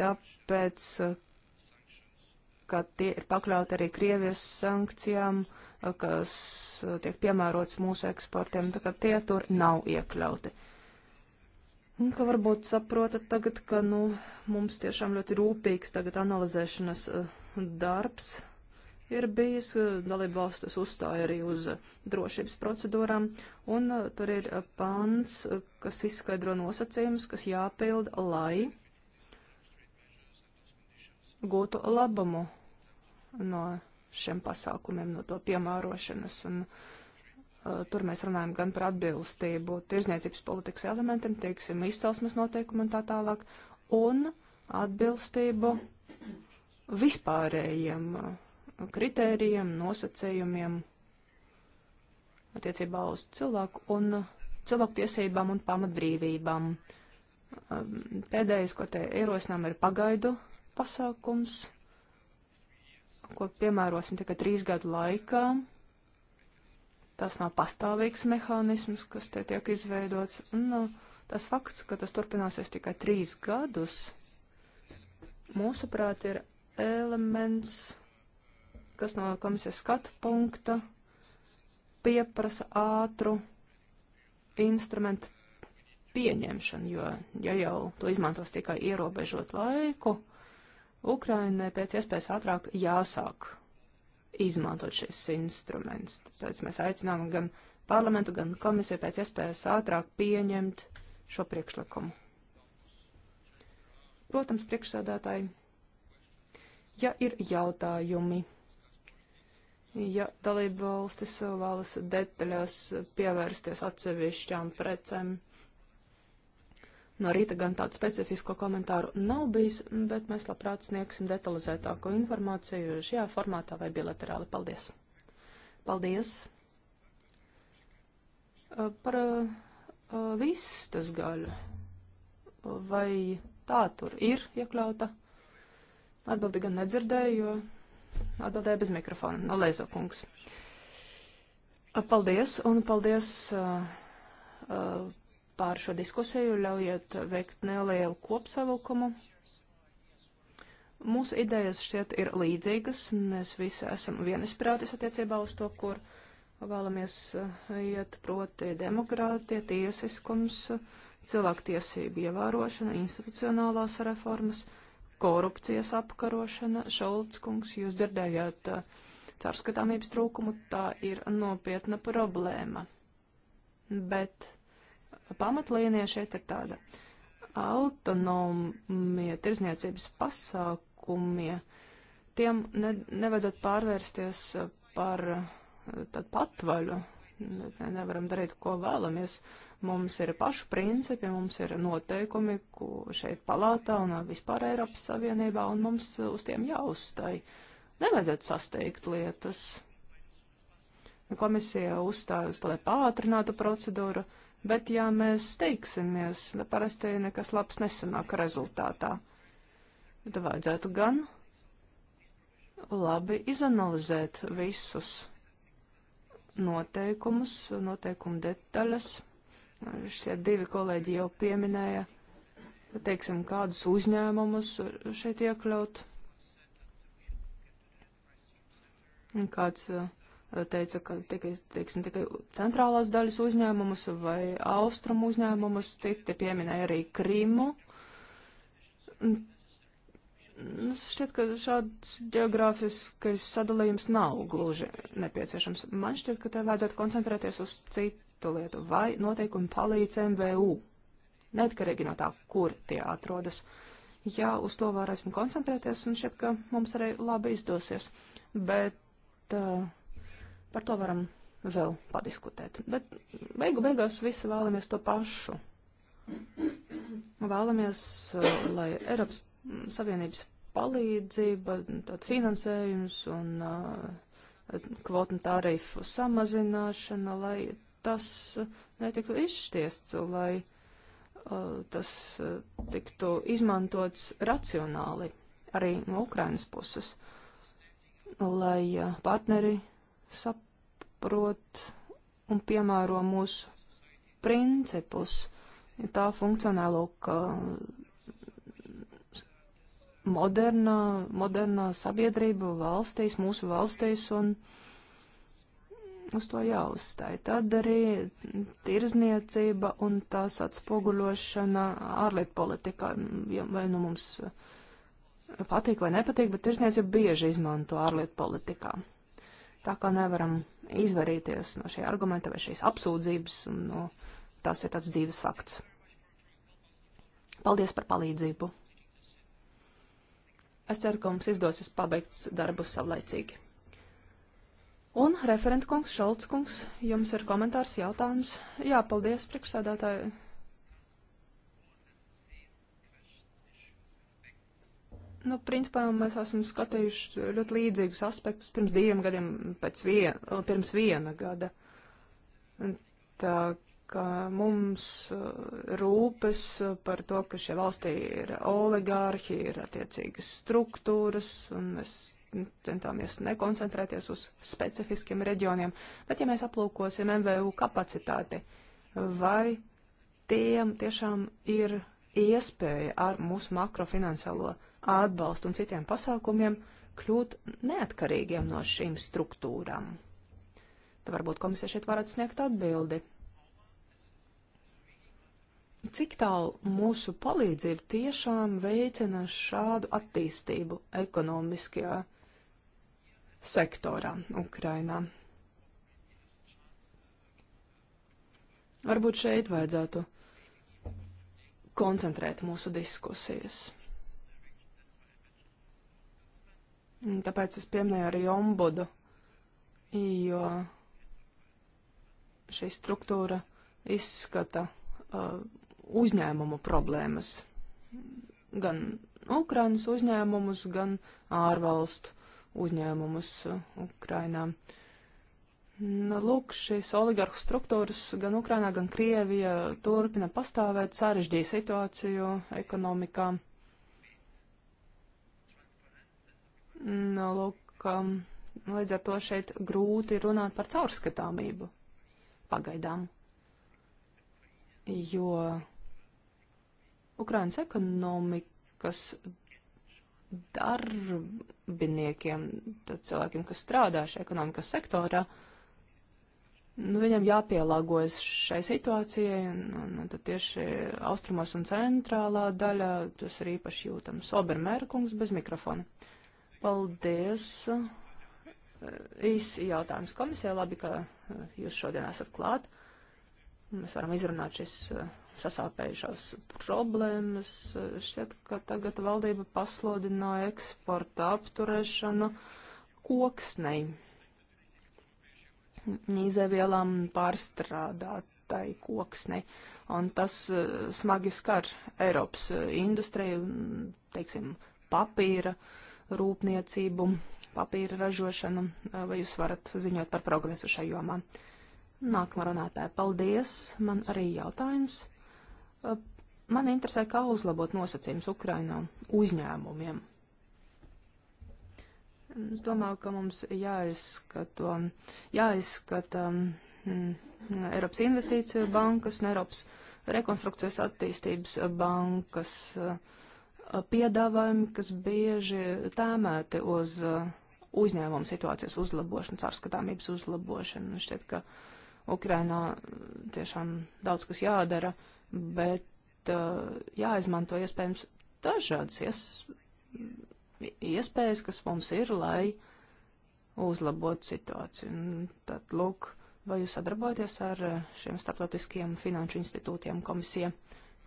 Tāpēc, ka tie ir pakļauti arī Krievijas sankcijām, kas tiek piemērots mūsu eksportiem, tā kā tie tur nav iekļauti. Uh, Un nu, ka varbūt saprotat tagad, ka nu, mums tiešām ļoti rūpīgs tagad analizēšanas eh, darbs ir bijis. Dalība valstis uzstāja arī uz eh, drošības procedūrām, un eh, tur ir pants, kas izskaidro nosacījumus, kas jāpilda, lai gūtu labumu no šiem pasākumiem, no to piemērošanas. Un, uh, Uh, tur mēs runājam gan par atbilstību tirzniecības politikas elementiem, teiksim, izcelsmes noteikumu un tā tālāk, un atbilstību vispārējiem uh, kritērijiem, nosacējumiem attiecībā uz cilvēku un uh, cilvēku tiesībām un pamatbrīvībām. Um, pēdējais, ko te ierosinām, ir pagaidu pasākums, ko piemērosim tikai trīs gadu laikā. Tas nav pastāvīgs mehānisms, kas te tiek izveidots. Un nu, tas fakts, ka tas turpināsies tikai trīs gadus, mūsuprāt, ir elements, kas no komisijas skatu punkta pieprasa ātru instrumentu pieņemšanu, jo, ja jau to izmantos tikai ierobežot laiku, Ukrainai pēc iespējas ātrāk jāsāk izmantot šis instruments. Tāpēc mēs aicinām gan parlamentu, gan komisiju pēc iespējas ātrāk pieņemt šo priekšlikumu. Protams, priekšsēdētāji, ja ir jautājumi, ja dalību valstis vēlas detaļās pievērsties atsevišķām precēm, No rīta gan tādu specifisko komentāru nav bijis, bet mēs labprāt sniegsim detalizētāko informāciju šajā formātā vai bilaterāli. Paldies! Paldies! Par uh, vistas gaļu. Vai tā tur ir iekļauta? Atbildi gan nedzirdēju, jo atbildēja bez mikrofona. No Lēzo kungs. Paldies un paldies. Uh, uh, pār šo diskusiju, ļaujiet veikt nelielu kopsavilkumu. Mūsu idejas šķiet ir līdzīgas, mēs visi esam vienisprātis attiecībā uz to, kur vēlamies eh, iet proti demokrātie, tiesiskums, cilvēktiesību ievērošana, institucionālās reformas, korupcijas apkarošana. Šolds kungs, jūs dzirdējāt eh, cārskatāmības trūkumu, tā ir nopietna problēma. Bet pamatlīnija šeit ir tāda autonomie tirzniecības pasākumie. Tiem ne, nevajadzētu pārvērsties par eh, tādu patvaļu. Ne, nevaram darīt, ko vēlamies. Mums ir pašu principi, mums ir noteikumi šeit palātā un vispār Eiropas Savienībā, un mums uz tiem jāuzstāj. Nevajadzētu sasteigt lietas. Komisija uzstāja uz to, lai pātrinātu procedūru. Uh, Bet, ja mēs steigsimies, parasti nekas labs nesanāk rezultātā. Tad vajadzētu gan labi izanalizēt visus noteikumus, noteikumu detaļas. Šie divi kolēģi jau pieminēja, teiksim, kādus uzņēmumus šeit iekļaut. Kāds uh, teica, ka tikai, teiksim, tikai centrālās daļas uzņēmumus vai austrumu uzņēmumus, citi pieminēja arī Krimu. Es nu, šķiet, ka šāds geogrāfiskais sadalījums nav gluži nepieciešams. Man šķiet, ka te vajadzētu koncentrēties uz citu lietu vai noteikumu palīdz MVU, neatkarīgi no tā, kur tie atrodas. Jā, uz to varēsim koncentrēties, un šķiet, ka mums arī labi izdosies. Bet uh, Par to varam vēl padiskutēt. Bet beigu beigās visi vēlamies to pašu. Vēlamies, eh, lai Eiropas Savienības palīdzība, tad finansējums un eh, kvotu tarifu samazināšana, lai tas netiktu izšķiests, lai eh, tas tiktu izmantots racionāli arī no Ukrainas puses, lai partneri saprot un piemēro mūsu principus, tā funkcionālo, ka modernā, modernā sabiedrība valstīs, mūsu valstīs, un uz to jāuzstāj. Tad arī tirzniecība un tās atspoguļošana ārlietu politikā, vai nu mums patīk vai nepatīk, bet tirzniecība bieži izmanto ārlietu politikā. Tā kā nevaram izvairīties no šī argumenta vai šīs apsūdzības, un no, nu, tas ir tāds dzīves fakts. Paldies par palīdzību. Es ceru, ka mums izdosies pabeigt darbu savlaicīgi. Un referentkungs Šolts kungs, jums ir komentārs, jautājums? Jā, paldies, priekšsēdētāji. Nu, principā mēs esam skatījuši ļoti līdzīgus aspektus pirms diviem gadiem, pēc vien, pirms viena gada. Tā ka mums uh, rūpes uh, par to, ka šie valstī ir oligārhi, ir attiecīgas struktūras, un mēs centāmies nekoncentrēties uz specifiskiem reģioniem. Bet ja mēs aplūkosim MVU kapacitāti, vai tiem tiešām ir iespēja ar mūsu makrofinansiālo atbalstu un citiem pasākumiem kļūt neatkarīgiem no šīm struktūrām? Tad varbūt komisija šeit varētu sniegt atbildi. Cik tālu mūsu palīdzība tiešām veicina šādu attīstību ekonomiskajā sektorā Ukrainā? Varbūt šeit vajadzētu koncentrēt mūsu diskusijas. Tāpēc es pieminēju arī ombudu, jo šī struktūra izskata uh, uzņēmumu problēmas. Gan Ukrainas uzņēmumus, gan ārvalstu uzņēmumus uh, Ukrainā. Nu, lūk, šīs oligarhu struktūras gan Ukrainā, gan Krievija turpina pastāvēt, sarežģīja situāciju ekonomikā. Nu, lūk, um, līdz ar to šeit grūti runāt par caurskatāmību pagaidām, jo Ukrainas ekonomikas darbiniekiem, tad cilvēkiem, kas strādā šajā ekonomikas sektorā, nu, viņam jāpielāgojas šai situācijai, un, un, un tad tieši austrumos un centrālā daļā tas ir īpaši jūtams. Obermērkungs bez mikrofona. Paldies. Īsi jautājums komisijai. Labi, ka eh, jūs šodien esat klāt. Mēs varam izrunāt šīs eh, sasāpējušās problēmas. Šķiet, ka tagad valdība pasludināja eksporta apturēšanu koksnei izēvielām pārstrādātai koksnei. Un tas eh, smagi skar Eiropas industriju, teiksim, papīra uh, rūpniecību, papīra ražošanu, vai jūs varat ziņot par progresu šajā jomā? Nākamā runātāja, paldies, man arī jautājums. Man interesē, kā uzlabot nosacījumus Ukrainā uzņēmumiem. Es domāju, ka mums jāizskato, jāizskata mm, Eiropas investīciju bankas un Eiropas rekonstrukcijas attīstības bankas uh, Uh, piedāvājumi, kas bieži tēmēti uz uh, uzņēmumu situācijas uzlabošanu, cārskatāmības uzlabošanu. Šķiet, ka Ukrainā uh, tiešām daudz kas jādara, bet jāizmanto iespējams dažādas ies, iespējas, kas mums ir, lai uzlabotu situāciju. Tad, lūk, vai jūs sadarbojaties ar šiem starptautiskajiem finanšu institūtiem komisija?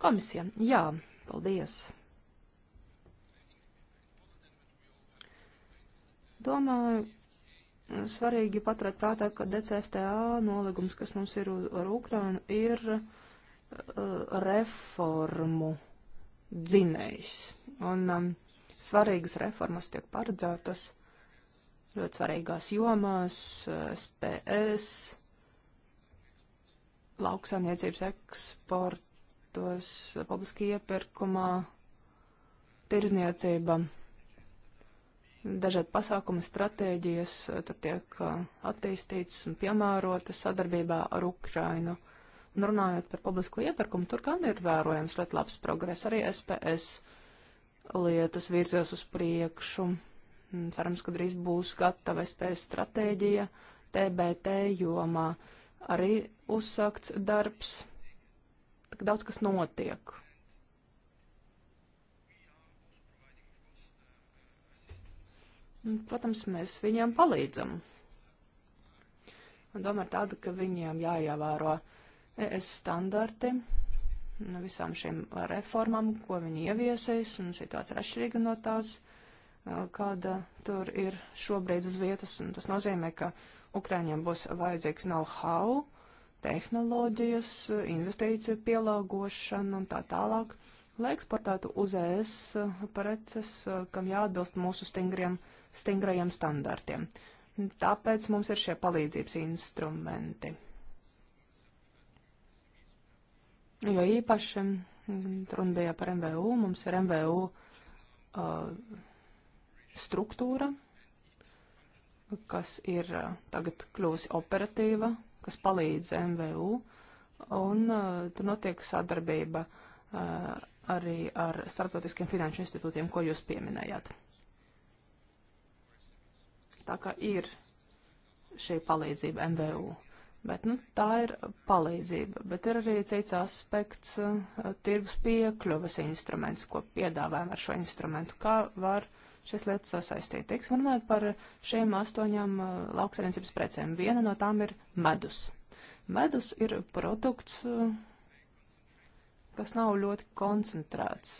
Komisija, jā, paldies! Domāju, svarīgi paturēt prātā, ka DCFTA noligums, kas mums ir ar Ukrainu, ir uh, reformu dzinējs. Un um, svarīgas reformas tiek paredzētas ļoti svarīgās jomās, SPS, uh, lauksaimniecības eksportos, publiski iepirkumā, tirzniecība dažādi pasākumi, stratēģijas eh, tad tiek eh, attīstītas un piemērotas sadarbībā ar Ukrainu. Un runājot par publisko iepirkumu, tur gan ir vērojams ļoti labs progress. Arī SPS lietas virzās uz priekšu. Mm, cerams, ka drīz būs gatava SPS stratēģija TBT jomā. Arī uzsākts darbs. Tik daudz kas notiek. Un, protams, mēs viņiem palīdzam. Un doma ir tāda, ka viņiem jāievēro ES standarti visām šīm reformām, ko viņi ieviesīs, un situācija ir atšķirīga no tās, kāda tur ir šobrīd uz vietas. Un tas nozīmē, ka Ukraiņiem būs vajadzīgs know-how, tehnoloģijas, investīciju pielāgošana un tā tālāk, lai eksportētu uz ES preces, kam jāatbilst mūsu stingriem standartiem stingrajiem standartiem. Tāpēc mums ir šie palīdzības instrumenti. Jo īpaši mm, runa bija par MVU, mums ir MVU uh, struktūra, kas ir uh, tagad kļūsi operatīva, kas palīdz MVU, un uh, tur notiek sadarbība uh, arī ar starptautiskiem finanšu institūtiem, ko jūs pieminējāt. Tā kā ir šī palīdzība MVU. Bet, nu, tā ir palīdzība, bet ir arī cits aspekts eh, - tirgus piekļuvas instruments, ko piedāvājam ar šo instrumentu. Kā var šis lietas sasaistīt? Teiksim, runājot par šiem astoņām eh, lauksaimniecības precēm. Viena no tām ir medus. Medus ir produkts, eh, kas nav ļoti koncentrēts,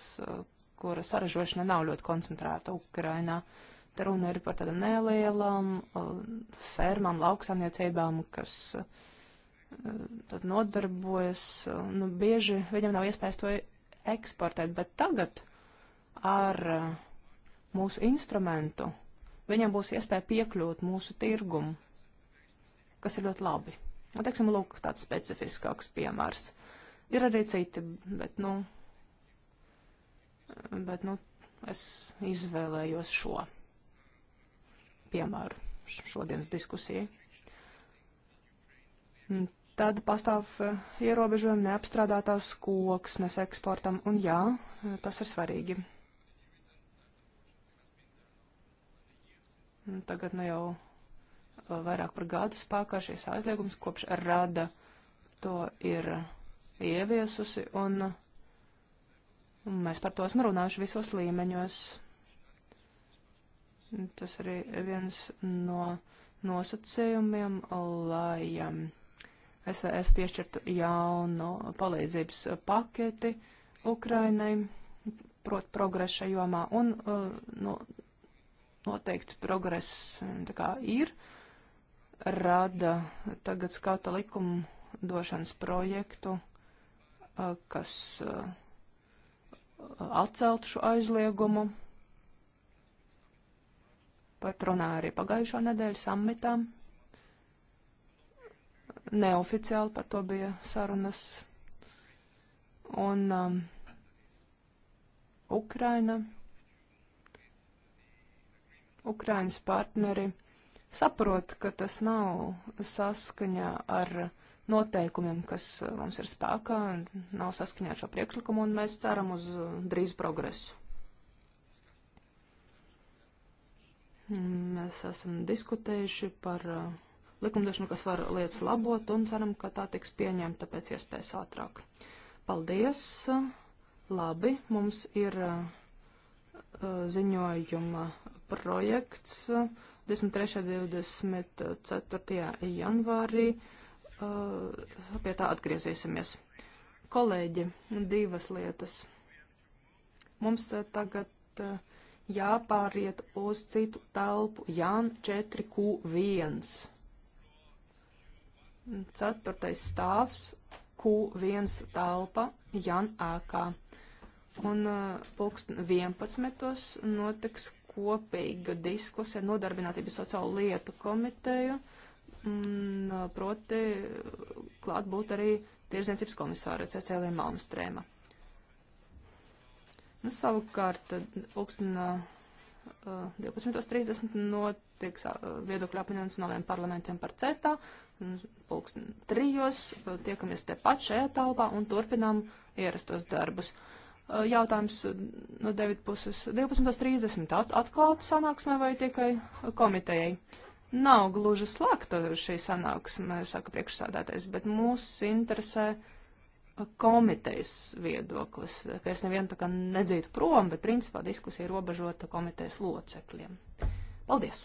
kura saražošana nav ļoti koncentrēta Ukrainā. Uh, Te runa ir par tādām nelielām um, fermām, lauksaimniecībām, kas uh, tad nodarbojas. Uh, nu, bieži viņam nav iespējas to eksportēt, bet tagad ar uh, mūsu instrumentu viņam būs iespēja piekļūt mūsu tirgumu, kas ir ļoti labi. Un, teiksim, lūk, tāds specifiskāks piemērs. Ir arī citi, bet, nu, bet, nu es izvēlējos šo piemēru šodienas diskusijai. Tad pastāv eh, ierobežojumi neapstrādātās koksnes eksportam, un jā, tas ir svarīgi. Tagad nu jau eh, vairāk par gadu spēkā šīs aizliegums kopš rada to ir ieviesusi, un mēs par to esam runājuši visos līmeņos Tas arī viens no nosacījumiem, lai um, SVF piešķirtu jaunu palīdzības paketi Ukrainai, prot progresa jomā, un uh, no, noteikts progress um, tā kā ir, rada tagad skata likumu došanas projektu, uh, kas uh, atceltu šo aizliegumu pat runāju arī pagājušo nedēļu sammitā. Neoficiāli par to bija sarunas. Un um, Ukraina, Ukrainas partneri saprot, ka tas nav saskaņā ar noteikumiem, kas uh, mums ir spēkā, nav saskaņā ar šo priekšlikumu, un mēs ceram uz uh, drīz progresu. Mēs esam diskutējuši par uh, likumdošanu, kas var lietas labot, un ceram, ka tā tiks pieņemta pēc iespējas ātrāk. Paldies! Labi, mums ir uh, uh, ziņojuma projekts 23. 24. janvārī. Pie tā atgriezīsimies. Kolēģi, divas lietas. Mums tagad uh, jāpāriet uz citu telpu Jan 4Q1. Ceturtais stāvs Q1 telpa Jan ēkā. Un uh, pulksten 11. notiks kopīga diskusija nodarbinātības sociālo lietu komiteju, uh, proti klāt būt arī tirzniecības komisāra Cecēlija Malmstrēma. Nu, savukārt, pulkstenā uh, 12.30 notiks uh, viedokļu apmaiņa nacionālajiem parlamentiem par CETA. Pulksten trijos uh, tiekamies tepat šajā telpā un turpinām ierastos darbus. Jautājums no David puses 12.30 at atklāta sanāksme vai tikai komitejai? Nav gluži slēgta šī sanāksme, saka priekšsādātais, bet mūs interesē uh, komitejas viedoklis. Ka es nevienu tā kā nedzītu prom, bet principā diskusija ir robežota komitejas locekļiem. Paldies!